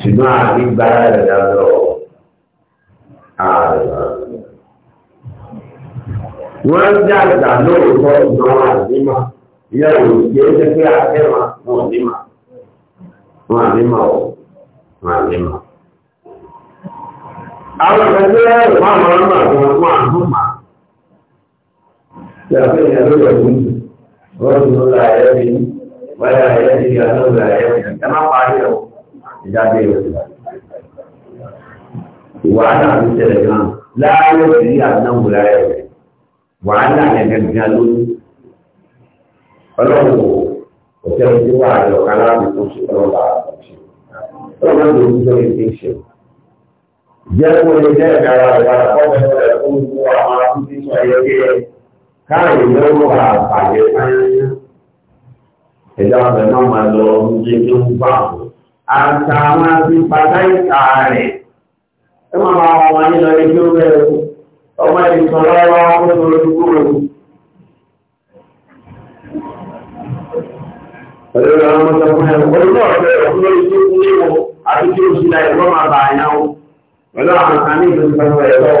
ṣùgbọ́n àbí gbára rẹ̀ lọ́dọ̀ ààrẹ. Wọ́n ń dàgbà lóòótọ́ ìgbọ́n àdímọ̀. Ìyá òun kì í ṣe pé akẹ́wà wọn àdímọ̀. Wọn àdímọ̀ ọ̀ wọn àdímọ̀. Àwọn ìgbàgbé ẹ̀rọ máa máa ń bà wọn wọn àdúmà. Ìyàgbé ìyá ló yẹ fún mi. Wọ́n ti lọ la ẹ̀rọ mi. Wọ́n yà ẹ̀rọ mi yà lọ́wọ́ ẹ̀rọ mi. Ẹ má parí ẹ̀wọ̀ ìdájọ́ ìwọ̀n. Wàhálà ló ṣẹlẹ̀ náà láàárọ̀ sí àdánwò láyọ̀ rẹ̀. Wàhálà ẹ̀gẹ́ gan ló ní. Ọlọ́run kò tẹ́ ojú wà ní ọ̀kan láti tó ṣe ọlọ́ba àtúnṣe. Ọlọ́run ló ń jọ ìdíṣẹ́. Jẹ́ kó lè jẹ́ ìdára ìdára fọ́fẹ́ rẹ̀ fún gbogbo àwọn akúndí sọ ẹyẹ káàrí lọ́wọ́ àbàjẹ́ sáyẹ́ńsì. Ẹ̀dá ọ̀sẹ̀ náà máa lọ ní ilé tó ń bá àwọn àtàwọn abípadà ìta rẹ̀. Ẹ máa máa wọn wọn nílọ ní kí ó bẹ̀rẹ̀ ọmọ ìsọ̀ lọ́wọ́ ọmọ olùkúrò. Ọ̀rẹ́ ọmọ sọ fún ẹ̀rọ, olùkọ́ ọ̀fẹ́ ọ̀fúnlọ́ ìṣú ní ìwọ̀ àti kí ó sì la ẹ̀rọ máa bà àyà o. Pẹ̀lú àwọn kan ní ìlú ìfẹ́ ẹ̀rọ.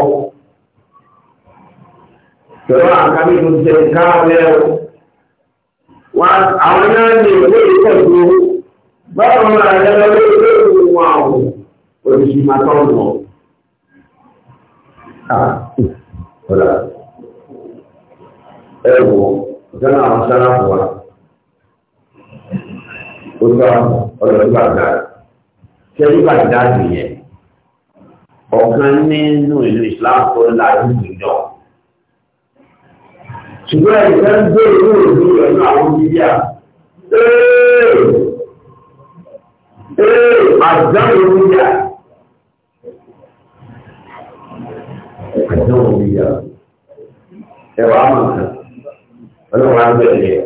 Pẹ̀lú àwọn kan ní ìlú ìfẹ́ ìkáwọ́ ẹ̀rọ. Àwọn náà ní ìwé ìkọ̀ọ̀dù báwọn máa rẹ lọ lórí lórí wọn àwọn oríṣi máa tọ́ lọ. Ọ̀la ẹ wọ ọ̀sán àwọn sára wà ó tọ́ ọ̀rọ̀ tó bá gbà ṣe nígbà dá nìyẹn ọ̀kan nínú ìlú Islam tó ń láàyè jùlọ. Ṣùgbọ́n ìfẹ́ ń gbé ìlú ìlú ìlú àwọn oníbíà. Ee! ee àdáwò níyà àdáwò níyà ẹwà àmàkà ọlọ́wọ́ àgbẹ̀lẹ̀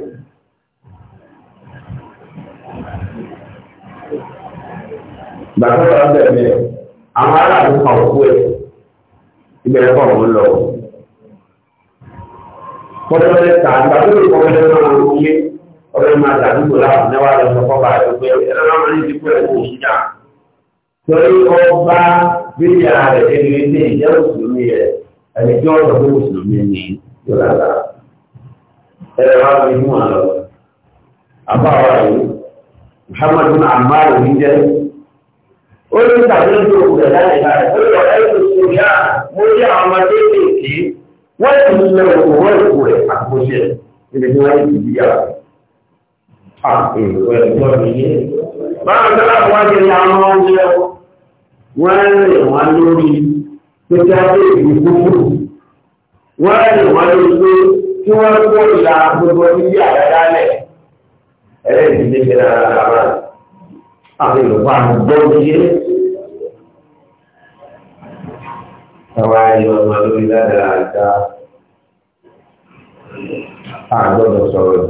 gbàgbọ́ àgbẹ̀lẹ̀ àwọn aráàlú kan òkú ẹ̀ ìbẹ̀rẹ̀ kan òun lọ. Kọ́lẹ́kọ́lẹ́ ta àgbàdo ìkọ́lẹ́ máa ń yé. ọ̀rẹ́ máa dàdúgbò láwọn náwà lọ sọ fọ́bà ẹgbẹ́ ẹ̀rọ máa ń ti kú ẹ̀kọ́ òṣìṣà torí ọba bíyà rẹ̀ ẹni ní ìjẹ́ òṣìlúmi rẹ̀ ẹni tí wọ́n sọ fún òṣìlúmi ní yọ̀lára ẹ̀rọ máa fi mú àlọ́ àbáwá yìí Muhammad bin Ammar ní jẹ́ ó ní tàbí ojú òkú rẹ̀ láti ká rẹ̀ ó lọ ẹ̀kọ́ sóyá mo jẹ́ àwọn ọmọdé kéèké wọ́n ti lọ òkú rẹ̀ àkóṣe ìdíjọ́ ìdíjọ́ Báwọn tọ́lá fún wájẹ́ ní àwọn oúnjẹ wọ́n rẹ̀ wọ́n lórí tó já pé ìgbòkúrò. Wọ́n rẹ̀ wọ́n lórí pé kí wọ́n kó ìlà gbogbo níbi àdádálẹ̀. Ẹ̀rẹ́ ìdílé fẹ́ra ara àwọn ìlúpa gbọ́ yé. Àwọn ayé ọmọ lórí ládàá àgbà àgbọ̀dọ̀ sọ̀rọ̀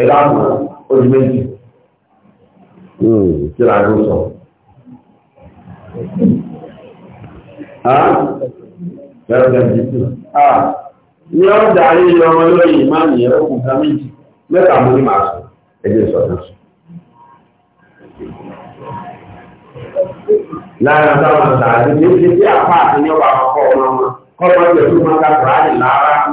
ẹ̀dá hmm. kù méjì kí là ń sọ. Ní ọjà ayé ọmọ lórí ìmáàmì ká méjì mẹ́ta mú ní sọ ẹgbẹ́ sọ. Lára táwọn tí àpá àti ní ọba àkọ́kọ́ ọmọ máa ká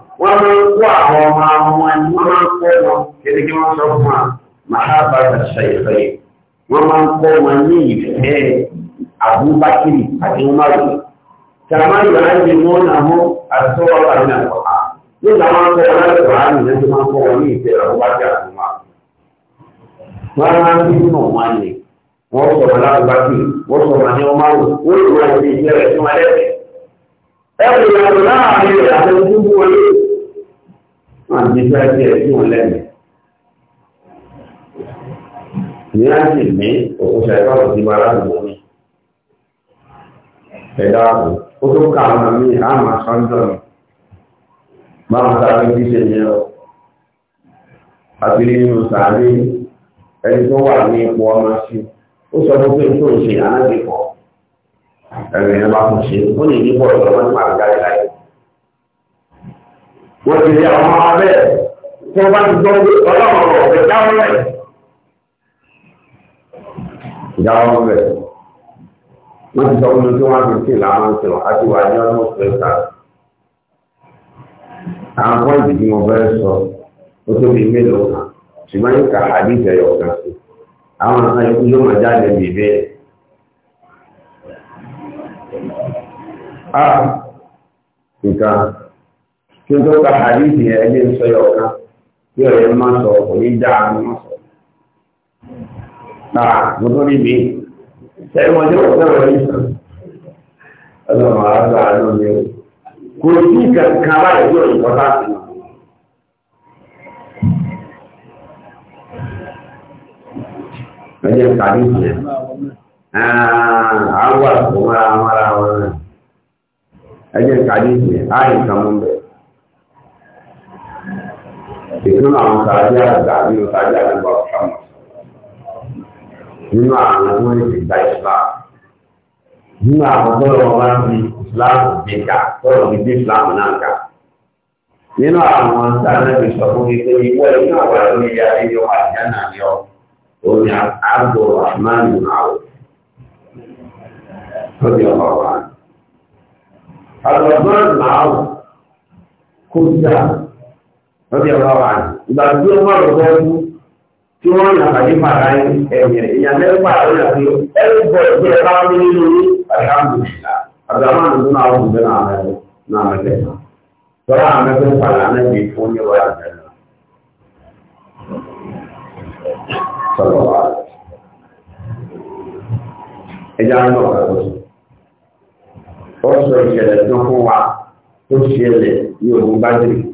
wọ́n máa ń kó àwọn ọmọ àwọn wọn ni wọ́n máa ń kó wọn kéde kí wọ́n sọ fún wa mahaba ṣàìfẹ́ wọ́n máa ń kó wọn ní ìfẹ́ abúbákiri àti umaru kàmá yàrá ni wọ́n náà mú àtúwọ́ àti àkọ́kọ́ nígbà máa ń kó wọn láti wàá nìyẹn tó máa ń kó wọn ní ìfẹ́ abúbákiri àti umaru wọ́n máa ń bí nínú wọn ni wọ́n sọ̀rọ̀ lábúbákiri wọ́n sọ̀rọ̀ ní umaru wọ́n sọ̀rọ̀ ní ìfẹ́ rẹ̀ tó máa lẹ́sẹ̀ wọ́n ti fẹ́ kí ẹ dùn lẹ́nu. ní láti mí òṣèlú ìbáwọ̀ ti wá ládùúgbò mi. ẹ̀dá àbò ó tó ká àwọn mi àmà sọ́ńdọ̀ mi. máa ń sáré bí ṣe ní ọ. àti nínú sàárè ẹni tó wà ní ipò ọmọ sí ó sọ fún pé tó ń ṣe ànágbèpọ̀ ẹ̀rìn ẹ̀ bá fún ṣe ó lè ní bọ́ọ̀lù ọmọ nípa àgbáyé láyé. wọ́n ti rí àwọn abẹ́ tí wọ́n bá ti gbọ́ ọlọ́run ọ̀rọ̀ dáwọn rẹ̀. dáwọn rẹ̀ wọ́n ti sọ fún mi tí wọ́n ti láwọn ń àti wà ní ọdún àwọn pọ́ǹtì ka hadith ẹ̀yọ̀ kan sí àwọn nǹkan yóò máa jáde ah, tí ka àdìsí ẹ̀ lè sọ yọ ọ̀kan tí ọ̀rẹ́ onye sọ kò ní dá a má sọ. Náà mo tó ní bí sẹ́yìn wọn tí wọ́n sọ̀rọ̀ yìí sàn. Ọlọ́run àgbà ló ní o. Kò sí kankan báyìí tó ìkan àwọn sàájì àgbà nínú sàájì àgbà ọ̀sánmọ̀ nínú àwọn tó ń ti gba islam nínú àwọn tó lọ́wọ́ bá ń fi islam gbé ká tọ́lọ̀ ní bí islam náà ká nínú àwọn sàájì àgbà sọ fún mi pé ìwọ inú àwọn ẹ̀rọ ìyá ẹni wà jẹ́nà ni ọ òní àgbo rahman nàwó tó di ọ̀rọ̀ wa. àgbàgbọ́n nàwó kó lọ́bí ọba wà ní ìgbà tí ó mọ̀ lọ́gbọ́ ọdún tí wọ́n yàn àbájé pàdá ẹ̀yìn èèyàn mẹ́rin pàdá ó yàn pé ẹ̀rí bọ̀ ẹ̀jẹ̀ bá wọn nínú orí àdáhùnmùsílà àbúrámánù tó náà wọ́n bẹ́ẹ̀ náà mẹ́rin náà mẹ́rin náà tọ́lá mẹ́rin pàdá náà bí fún ní wọ́n ń lọ ọ̀rọ̀ ó ìṣẹ̀lẹ̀ tó fún wa tó ṣẹlẹ̀ yóò bá jẹ́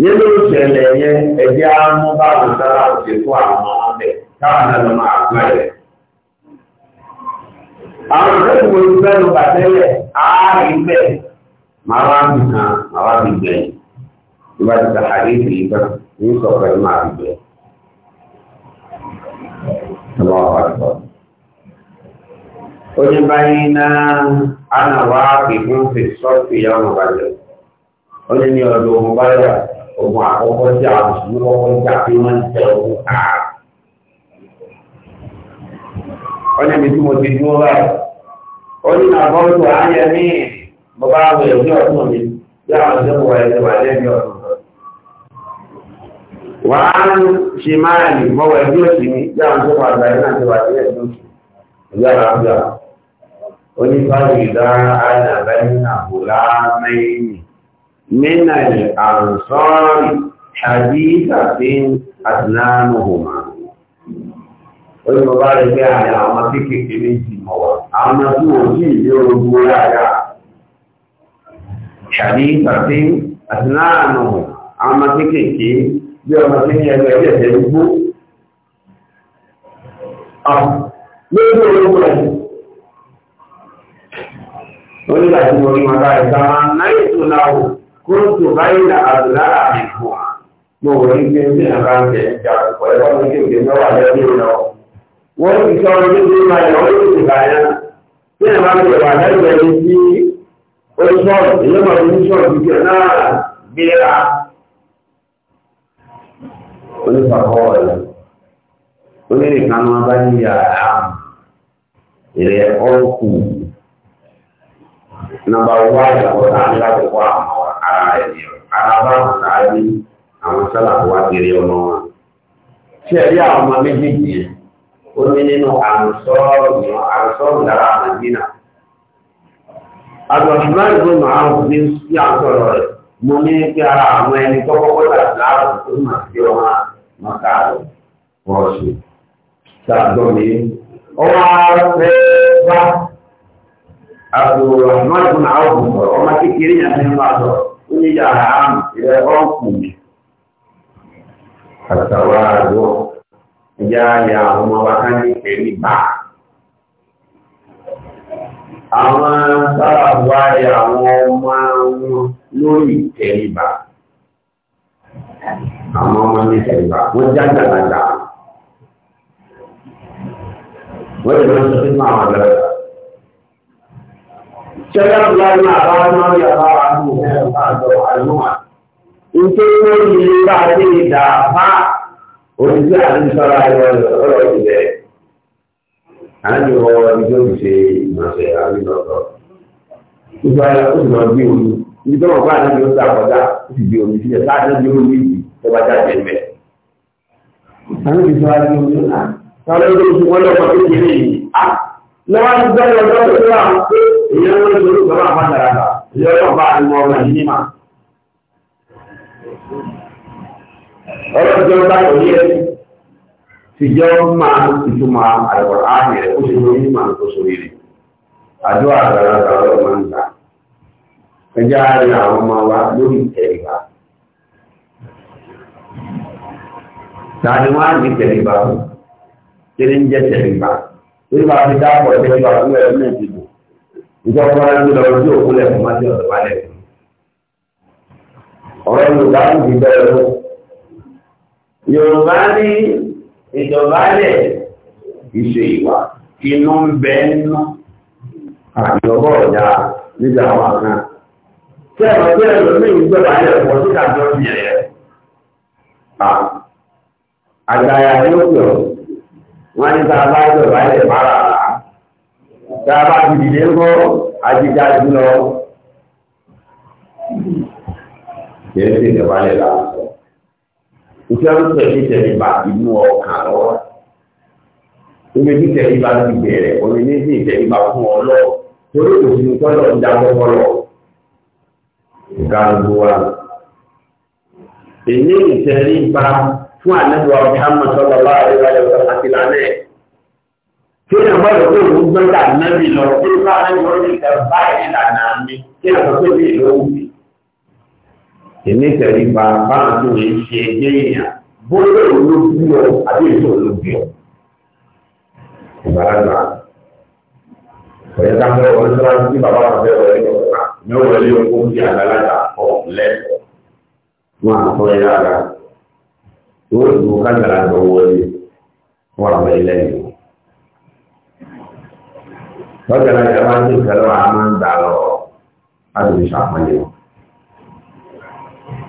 nínú ìṣẹ̀lẹ̀ yẹn ẹ̀jẹ̀ amú bá wọn sára òṣè fún àwọn ọmọdé káwọn náà lọ máa gbọ́ ẹ̀. àwọn ìṣẹ́gun ojú bẹ́ẹ̀ ló bà tẹ́lẹ̀ ààrin bẹ́ẹ̀ máa wá bì kan máa wá bì gbẹ̀yìn tó bá ti ta àdéhùn yìí kan ní sọ̀rọ̀ ẹ̀ máa bì gbẹ̀yìn. Ọmọ wa sọ. Ó báyìí náà, a nà wá kìkún fi sọ́ọ̀tì ìyá ọmọ bàjẹ́. Ó ní ọdún ọmọ báyà ogun àkọ́kọ́ tí a lè sùn lọ́wọ́ nígbà pé wọ́n ń tẹ ogun káàkiri. wọ́n níbi tí mo ti dúró báyìí ó ní àbọ̀tò ayẹ ní mo bá wọ ẹ̀gbẹ́ ọ̀tún mi bí àwọn ìjọba wà ẹ̀jẹ̀ wà lẹ́gbẹ̀ẹ́ ọ̀tún. wàá ṣe máa nì mọ́wọ́ ẹ̀gbẹ́ òsì mi bí àwọn ìjọba àgbà yẹn náà ti wà sí ẹ̀gbẹ́ òsì ìyá àlàáfíà onífàlù ìdá àyàbẹ́yìn àbúlá mẹ́yìn من الأنصار حديثة أسنانهما Oye bàbá rẹ̀ pé àrẹ àwọn tí kéèkéé méjì mọ̀ wà, àwọn tí wọ́n sí ìdí orogun lára. Ṣàdí ìtàtí àti láàánú àwọn tí kéèkéé bí ọmọ ní ẹgbẹ́ ẹgbẹ́ gbó. Lórí orogun rẹ̀, onígbàtí mo rí wọn láì sáwọn náà ètò láwọ̀ kóòtù báyìí nà àdúrà àdìgbò mo wò ní pé ní àbá ń bẹ̀ jà pọ̀ ẹ̀kọ́ ní kéèké lọ́wọ́ àjẹ́bí lọ. wọ́n ti sọ ọdún tó ń báyìí wọ́n ti ti báyà ní àbá ń bẹ̀ wà lẹ́gbẹ̀ẹ́ ní sí ó sọ ìyẹ́mọ̀ ní sọ̀rọ̀ gbígbẹ́ náà gbéra. onífàkọ́ ọ̀rẹ́ onírìkan máa bá ní yàrá ìrẹ̀ ọ̀kù nàbà wà náà láti wà àmọ́. ara ẹ̀mí ara bá wọn sáájú àwọn sálàkù wá kiri ọmọ wọn. Tí ẹ̀rí àwọn ọmọ méjèèjì yẹn, ó ní nínú àrùsọ́ọ̀rù lára Màdínà. Àgbàṣùlá ìgbó rẹ̀. Mo ara àwọn ẹni ọmọ ọmọ ara kékeré ń bá sọ̀rọ̀. ó ní yàrá ìrẹ́ ọ̀pù mi àtàwà àjọ ìyá ya àwọn ọmọ wa ká ní pẹ̀lú bá àwọn sára wá ya àwọn ọmọ wọn lórí pẹ̀lú bá àwọn ọmọ ní pẹ̀lú bá wọ́n jágbàlagbà wọ́n lè lọ àwọn ọ̀dọ́ ṣẹlẹ̀ ọ̀gbọ́n a bá oníṣẹ́ àdúgbò ayọ̀ ọ̀rọ̀ ìbẹ̀. àjọ ìjọ ìṣe ìmọ̀ṣẹ̀ àríwọ̀tọ̀. ìgbà ó sì máa gbé omi ibi tó wọ́n bá a lè dà kọjá ó sì gbé omi sílẹ̀ láti gbé omi yìí tó bá jáde mẹ́. àwọn ìṣọ́ ìyẹn ló ń sọ̀rọ̀ sọ̀rọ̀ àbájára ìyẹn ló bá àwọn ọmọ yìí ní mà. ọlọ́dún tó ń bá yọ̀ yẹ tìjọ́ máa ìtumọ̀ àìwọ̀n ààrẹ rẹ̀ ó sì ló ní mà tó sórí rẹ̀ àdúrà àgbàlagbà ọ̀rọ̀ máa ń gbà ẹjẹ́ àárín àwọn ọmọ wa lórí ìtẹ̀ríba. Tàbí wọ́n á ní ìtẹ̀ríba fún kí ní ń jẹ́ ìtẹ̀ríba. Nígbà tí dápọ̀ ìtẹ̀ríba fún ẹ̀rọ náà ti ìjọba máa ń gbé lọ sí òkú lẹ́kùn máa ń tẹ̀lé ọ̀dọ̀ wálẹ̀. ọ̀rọ̀ yorùbá ń di bẹ́ẹ̀ lọ. yorùbá ní ìjọbalẹ̀ ìṣe ìwà inú ń bẹ nínú àjọbọ ọ̀dà nígbà wọn kan. tí ẹ̀rọ tí ẹ̀rọ ní ìjọba yẹ pọ̀ sí àjọ ti yẹ. àgbàyà ni ó pè ọ́ wọ́n ní tá a bá jọba yẹ tá a bá ti dìde ń kọ́ àjíjà jùlọ kìí ṣe ìdẹ̀bálẹ̀ làásọ. Iṣẹ́ ń tẹ̀lé tẹ̀lé bá inú ọkàn lọ́wọ́. Ibi tí tẹ̀lé bá ti bẹ̀rẹ̀, omi ní sí ìtẹ̀lé bá fún ọ lọ. Torí kò sí tọ́lọ̀ ń dá kọ́kọ́ lọ. Ìgbàlódé wa. Èyí ìtẹ̀lé bá fún àlejò ọ̀gá Mọ̀sọ́lọ́lá àríwáyọ̀ àti lánàá kéèyàn gbọ́dọ̀ pé òun gbọ́dọ̀ nábì lọ pé bá a ní orí ìtẹ̀ báyìí lànà mi kéèyàn sọ pé mi ló wù mí. èmi tẹ̀lé ba báwọn tó ń ṣe ẹgbẹ́ èèyàn bóyá òun ló bí ọ àbí èso ló bí ọ. ìbáraga ọ̀yẹ́ ká fẹ́ ọ̀rẹ́ sọ́ra sí bàbá kan fẹ́ ọ̀rẹ́ yọ̀ ọ̀rá ní ọ̀rẹ́ lé oko ń di àgbàlagbà ọ̀ lẹ́kọ̀ọ́ wọn àtọ́ lọ́jọ́ láti ọmọ ní ìtẹ́lọ́wọ́ a máa ń dà lọ láti fi ṣàpọ́nlé wọn.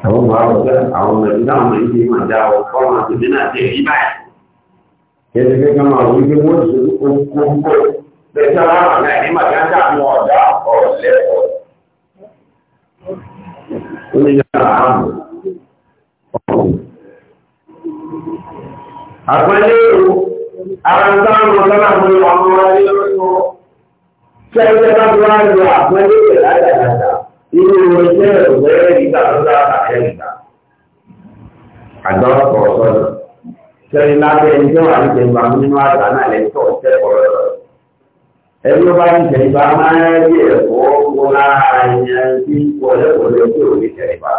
àwọn ọmọ àwọn ọ̀gá àwọn ọmọ ìdílé àwọn ìdílé máa dá ọ fọ́ọ̀mù àti ìdílé náà ti rí báyìí. kéde kéka máa wí pé wọ́n ṣe kókó bẹ́ẹ̀ tí wọ́n wà láì ní màgáńdà àwọn ọ̀dà ọ̀lẹ́ ó ní yàrá àmì àpẹẹrẹ ìlú ara ń dáhùn lọ́nà àwọn ọmọ wa ní lórí wọn. Ṣẹ́yẹ́ bá wá lọ àpọ́nlé rẹ̀ ládàdàdà, irú iṣẹ́ ìwé ìgbà tó dára àtẹ́yìnbá. Àgbọ̀n kọ̀ sọ́dọ̀. Ṣẹ́yìn lábẹ́ ẹni tó wà ní ìjẹ̀mbá nínú àgbà náà lẹ́yìn tó ọ̀tẹ́ ọ̀rọ̀ rẹ̀. Ẹni ó bá ní ìjẹ̀mbá máa ń rí ẹ̀kọ́ wọn lára ẹ̀yàn tí wọléwọlé tó rí ìjẹ̀mbá.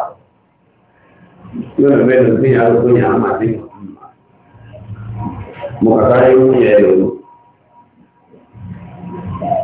Yóò lọ bẹ́ẹ̀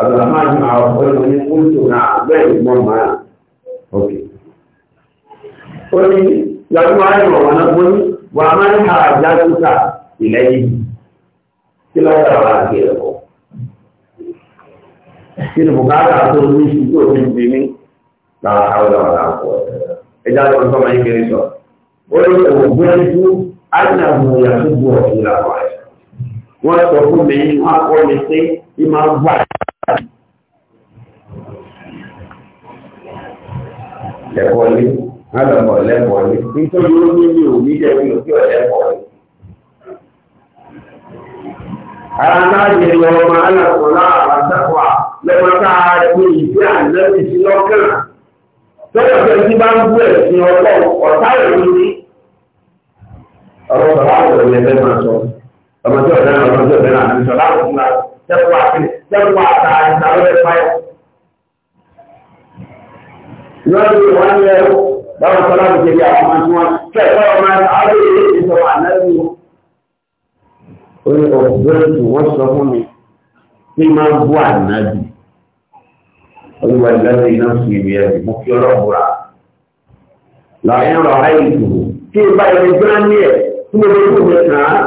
Abdulrahman máa ọ̀pọ̀ ìlú ní kúrútù náà bẹ́ẹ̀ mọ́ máa. Ok. Ó ní yàtú máa ń rọ̀ wọn bó ní wà á máa ń ha àjálùkà ilẹ̀ yìí. Kí ló dára wà láti rẹ̀ bọ̀? Kí ni bùkátà tó ní sí tó ní bí mi? Lára àwọn ọ̀dọ́ àwọn àpò ẹja tó máa ń kéré sọ. Ó ní òògùn ẹjú ánàmù yàtú bù ọ̀tún làwọn àṣà. Wọ́n sọ fún mi, wọ́n á kọ́ mi sí ìmáa ń gbà lẹ́kọ̀ọ́ lé alọ́kọ̀ lẹ́kọ̀ọ́ lé nítorí ó ní mi ò ní jẹ́ mi ò tí ò lẹ́kọ̀ọ́ lé. ara náà yẹ lọ ọmọ alọ́kọ̀ láàbà sẹ́kọ̀ọ́ lọ́mọ tá a gbé ìdí ànẹ́bí sí lọ́kàn tọ́lọ̀ tó ti bá ń gbé ẹ̀sìn ọkọ̀ ọ̀tá ìlú ní. ọ̀rọ̀ sọ̀rọ̀ àwọn ọ̀rẹ́ fẹ́ máa sọ ọmọ tí ọ̀dẹ́ náà ọmọ jẹ́wọ́ àkìlẹ̀ jẹ́wọ́ àtà ìdàlóyè fáyọ̀. lọ́dún ìwà ń yẹ ẹ̀rọ báwọn sọlá mi jẹ́ bí àwọn tí wọ́n fẹ́ fọ́ọ̀ máa ń àwọn èyí ti sọ ànábì wọn. ó ní ọ̀gbẹ́rẹ́ tí wọ́n sọ fún mi kí n máa bú ànábì. olúwa ìlànà iná sí ibi ẹ̀rì mo fi ọlọ́bùra. làyẹn rọ̀ ayé ìdùnnú kí n bá ẹni gbá ní ẹ̀ kí mo lè kó mi kàn án.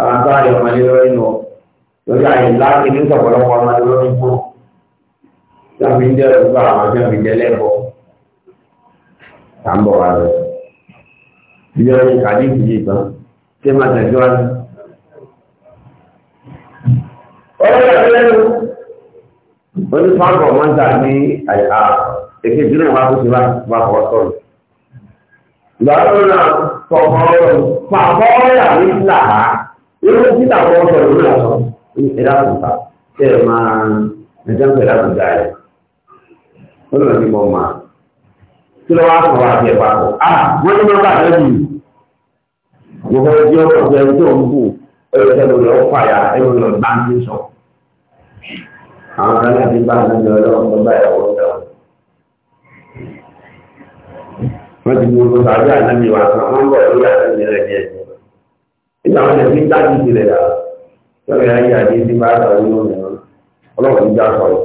àwọn tó àyè ọmọdé lórí nù lórí àyè láti ní sọ̀pọ̀lọpọ̀ ọmọdé lórí kú sábì ń jẹ́ òkú àwọn tó fi jẹ́lẹ̀ bọ̀ tàǹbọ̀ wa rẹ̀ ìjọ ní kàdí ìdíje tán ṣé máa tẹ̀síwájú. ọ̀rọ̀ ìyá lẹ́nu onífàkọ̀ wọ́n dà ní àyà èké ìdílé wa kó ti wá wà fọ́ sọ̀rọ̀ ìgbà tó náà sọ̀kọ̀ ọ̀rọ̀ irú títà kọ́ sọ̀rọ̀ ní àṣọ ẹ̀dá kùnfà tẹ́ ẹ máa ẹ̀dá ń pẹ̀lá gbogbo ayé ó lọ́nà tí mo máa kí ló wá sọ̀rọ̀ àti ẹ̀pà kọ̀ á ah, wọ́n ní nọ́mbà rẹ̀ bì mo fẹ́ jẹ́ ọkọ̀ ọ̀gbẹ́ tó ń bù ẹ̀rọ tẹ́lẹ̀ lọ fàyà ẹ̀rọ lọ bá ń tí sọ. àwọn kan láti bá ń lọ lọ́wọ́ bá ìyàwó ọ̀dọ́ wọ́n ti mú ọgbọ́n tàbí àná mi wà sàn wọ́n bọ̀ lórí ìgbà wọn lè fi ń dájú ìdílé rà lọ́wọ́ yà ń yà dé sí bá àtàwọn ìlú mìíràn ọlọ́wọ́ ní já sọ̀rọ̀.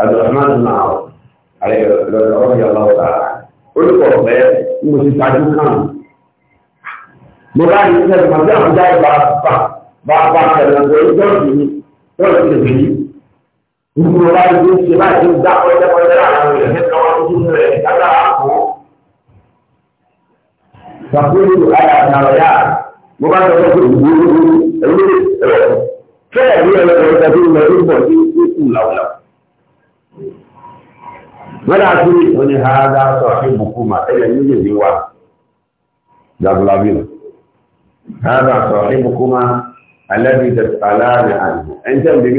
Abdulrahman náà àlẹ́ lọ́dọ̀ ọ̀rọ̀ yà lọ́wọ́ tà orúkọ ọ̀fẹ́ mo ti tajú kàn. Mo bá yìí sẹ́yìn màá bí àwọn jáde bá bá bá bá tẹ̀lé ọ̀gbọ́n ìjọ́sìn ní tọ́lá ti lè fi yìí. ìdúró láti fi ṣe láti dá pẹ́ẹ́pẹ́ẹ́ àwọn na nípa wọn tó rẹ̀ dára àpò. Sàkóso àyà àtàrà yá, mo bá sọ pé ìdúró ẹ̀rọ ẹ̀rọ fẹ́ẹ̀ ní ẹ̀rọ ẹ̀rọ tàbí ìmọ̀ ẹ̀rọ pọ̀ sí làwùlà. Wọ́n ha dá sọ ha dá sọ mà alẹ́ bí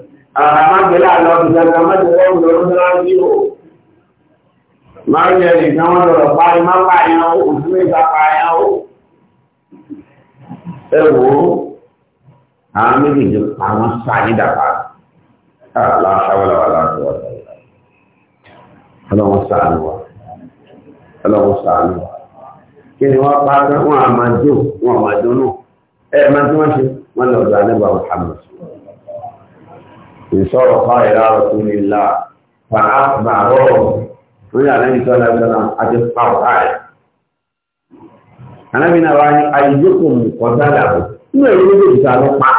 àmàgbélà lọ́dún kankan mẹ́jọ wọ́n lọ lọ́dún o máa ń yẹ nìkan wọ́n lọ́rọ̀ parí má pààyàn o òfin méjì pààyàn o ẹ wò ó àwọn méjèèjì àwọn sáàyè dàpá aláṣáwọlá wà láti wọ́n sọ̀rọ̀ ọlọ́run sàánú wa ọlọ́run sàánú ni wọ́n pa ìṣọ́rọ̀ fáìlà rasulillah fàáfà rọrùn lórí àlẹ́yìn sọ́lá ìṣọ́lá àti pàwọ́tàì anábìnà wa ní àyíjókòó kọ̀dálà bò nínú ẹ̀rọ méjèèjì ta ló pa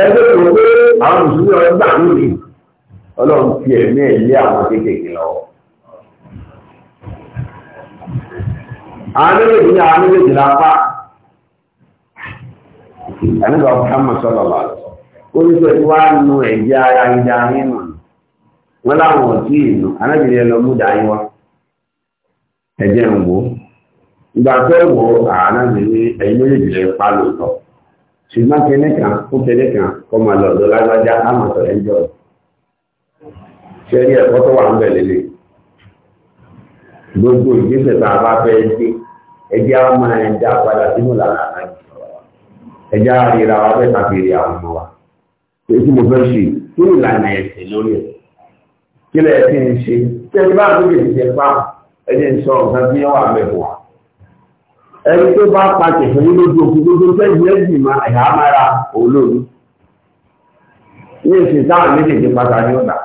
ẹgbẹ́ tó pé àwọn mùsùlùmí ọgbà lónìí ọlọ́run fi ẹ̀mí ẹ̀ lé àwọn kéékèèké lọ́wọ́ àwọn méjèèjì ní àwọn méjèèjì la pa àníbà Muhammad sallallahu alaihi oríṣẹ́ tí wá nu ẹ̀jẹ̀ ara ìdá nínú wọn láwọn ọ̀tí ìlú alábìnrin lọ mú dání wá ẹ̀jẹ̀ ń wò ìgbà tó wò alábìnrin ẹ̀yìn méjèèjì lè pa lóòótọ́ ṣùgbọ́n kan kan kọ́ máa lọ ọ̀dọ́ lágbájá ẹ̀ ń jọ ṣe rí ẹ̀kọ́ tó wà ń bẹ̀ lélẹ̀ gbogbo ìgbésẹ̀ tá a bá fẹ́ ẹjẹ́ á wa. èyí mo fẹ́ ṣe kí ni ìlànà ẹ̀sìn lórí ẹ̀ kí lẹ̀ ti ń ṣe tí ẹni bá gbé ìdíje pa ẹni ń sọ nǹkan tí wà mẹ́fọ̀ wá. ẹni tó bá pa kẹfẹ́ ní lójú òkú lójú sẹ́yìn ẹ̀sìn máa ẹ̀há mára olóòlù ní èsì táwọn méjèèjì pátá ní ọ̀dà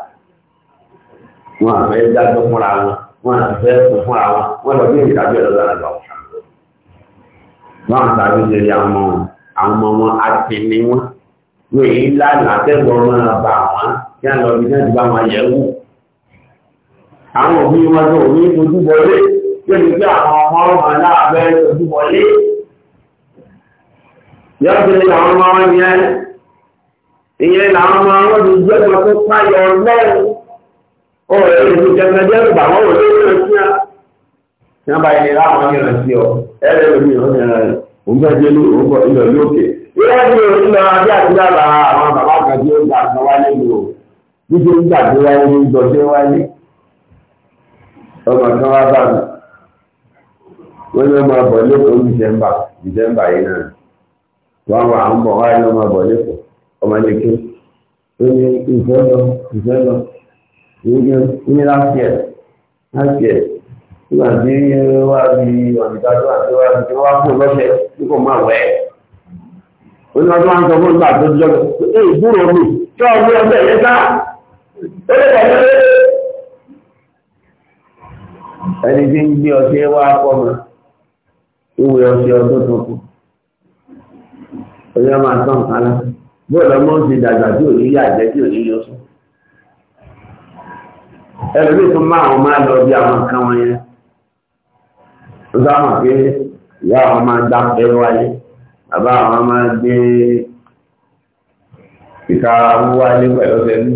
wọn àfẹ́ dájọ́ fúnra wọn wọn àfẹ́ sùn fúnra wọn wọn lọ bí ìdájọ́ ẹ̀rọ lára lọ. wọn àtàwọn wọ́n èyí lánàá tẹ́gbọ̀n máa bà wọ́n kí á lọ bí náà ti bá wọn yẹ̀ wò. àwọn òbí wọn tó ní ojúbọlé lórí pé àwọn ọmọ ọmọ náà ojúbọlé. yọ́ọ̀tì ni àwọn ọmọ wọn yẹn ìyẹn làwọn ọmọ wọn ti jẹ́ wọn tó páyọ̀ lẹ́rù. ó rẹ̀ èso jẹjẹrẹ bà wọ́n wò lórí rẹ̀ sí à. tí wọ́n bá yẹn láwọn yẹn rẹ̀ sí ọ ẹ̀rẹ́ lórí ìrọ̀lẹ́ rẹ̀ òun fẹ́ Ìyá mi ò ní ọ̀rọ̀ bí àti dábà àwọn bàbá kan tí ó gbà kan wá lẹ́yìn o. Níbi ń gbà tó wáyé ní ìjọsẹ́ wáyé. Ọmọ kan wá bá mi. Wọ́n ní ọmọ ọbọ̀ lẹ́kọ̀ọ́ Dìsẹ́mbà Dìsẹ́mbà yìí náà. Wọ́n wà ń bọ̀ wáyé ọmọ ọbọ̀ lẹ́kọ̀ọ́ ọmọ lẹ́kẹ́. Ó ní ìfẹ́ lọ ìfẹ́ lọ. Ní láti ẹ̀ láti oníwájú wọn sọ fún ìgbà tó jẹ́ ẹ ìgbúrò mi tí wọ́n gbé ọgbẹ́ yẹn ká ó lè pọ̀ lórí. ẹni tí ń gbé ọṣẹ wá pọ̀ mọ́ ìwé ọṣẹ ọdún tuntun oyè máa tán kálá bóòlù ọmọ ń ti dàgbà tí ò ní yá jẹ tí ò ní yọ sùn. ẹlòmíì tún máa wọn máa lọ bí àwọn nǹkan wọn yẹn. ó sábà pé ìyá àwọn máa gbá ẹrọ ayé àbá àwọn máa gbé ìka wúwá ilé pẹ̀lú ọ̀sẹ̀lú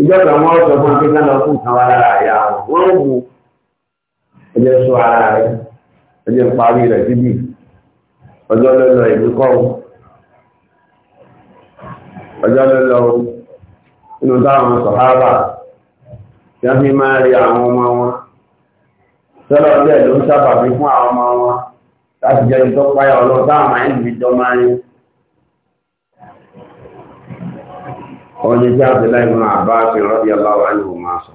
ìjọ́ kan wọ́n sọ fún akẹ́kọ̀ọ́ lọ fún àwọn ara àyà wọ́n wù ẹjẹ́ sọ ara rẹ̀ ẹjẹ́ parí rẹ̀ síbí ọjọ́ lọ́lọ́ ìlú kọ́ ọjọ́ lọ́lọ́ inú táwọn sọ̀hábà tí fi máa rí àwọn ọmọ wọn sọ́lọ́ ọjọ́ ìlú ń sábà fún àwọn ọmọ wọn láti jẹ́ ìjọ páyà ya àmà ìjọ máa ń wọ́n ní tí Abdullahi ibn Abbas radiyallahu anhu máa sọ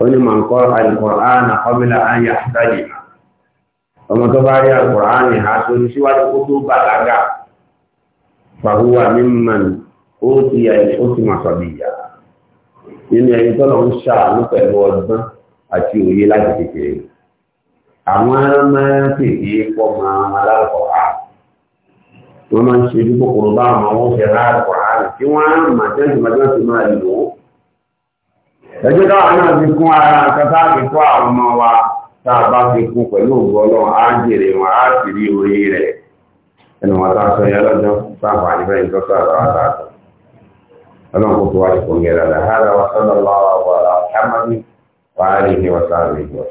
ó ma man ha al-Qur'ana qabla an ọmọ tó bá rí al-Qur'an ní ha tó ní síwájú kó tó bàlágà fahuwa mimman utiya al-hukma sabiyya nínú ẹni tọ́lọ̀ ń ṣàánú pẹ̀lú ọgbọ́n àti òye láti kékeré àwọn máa ń tètè pọ̀ máa ń aláàbọ̀ á wọ́n ṣe bí kòkòrò bá àwọn ọmọ ṣe aláàbọ̀ á tí wọ́n á mà tẹ́sí màjọ́ sí máa lò ó. ẹjọ́ táwọn náà fi kún ara nǹkan fi kó àwọn ọmọ wa tá a bá fi kún pẹ̀lú ògbọ́n náà wọn á sì rí orí rẹ̀ ẹnu wọn tá a sọ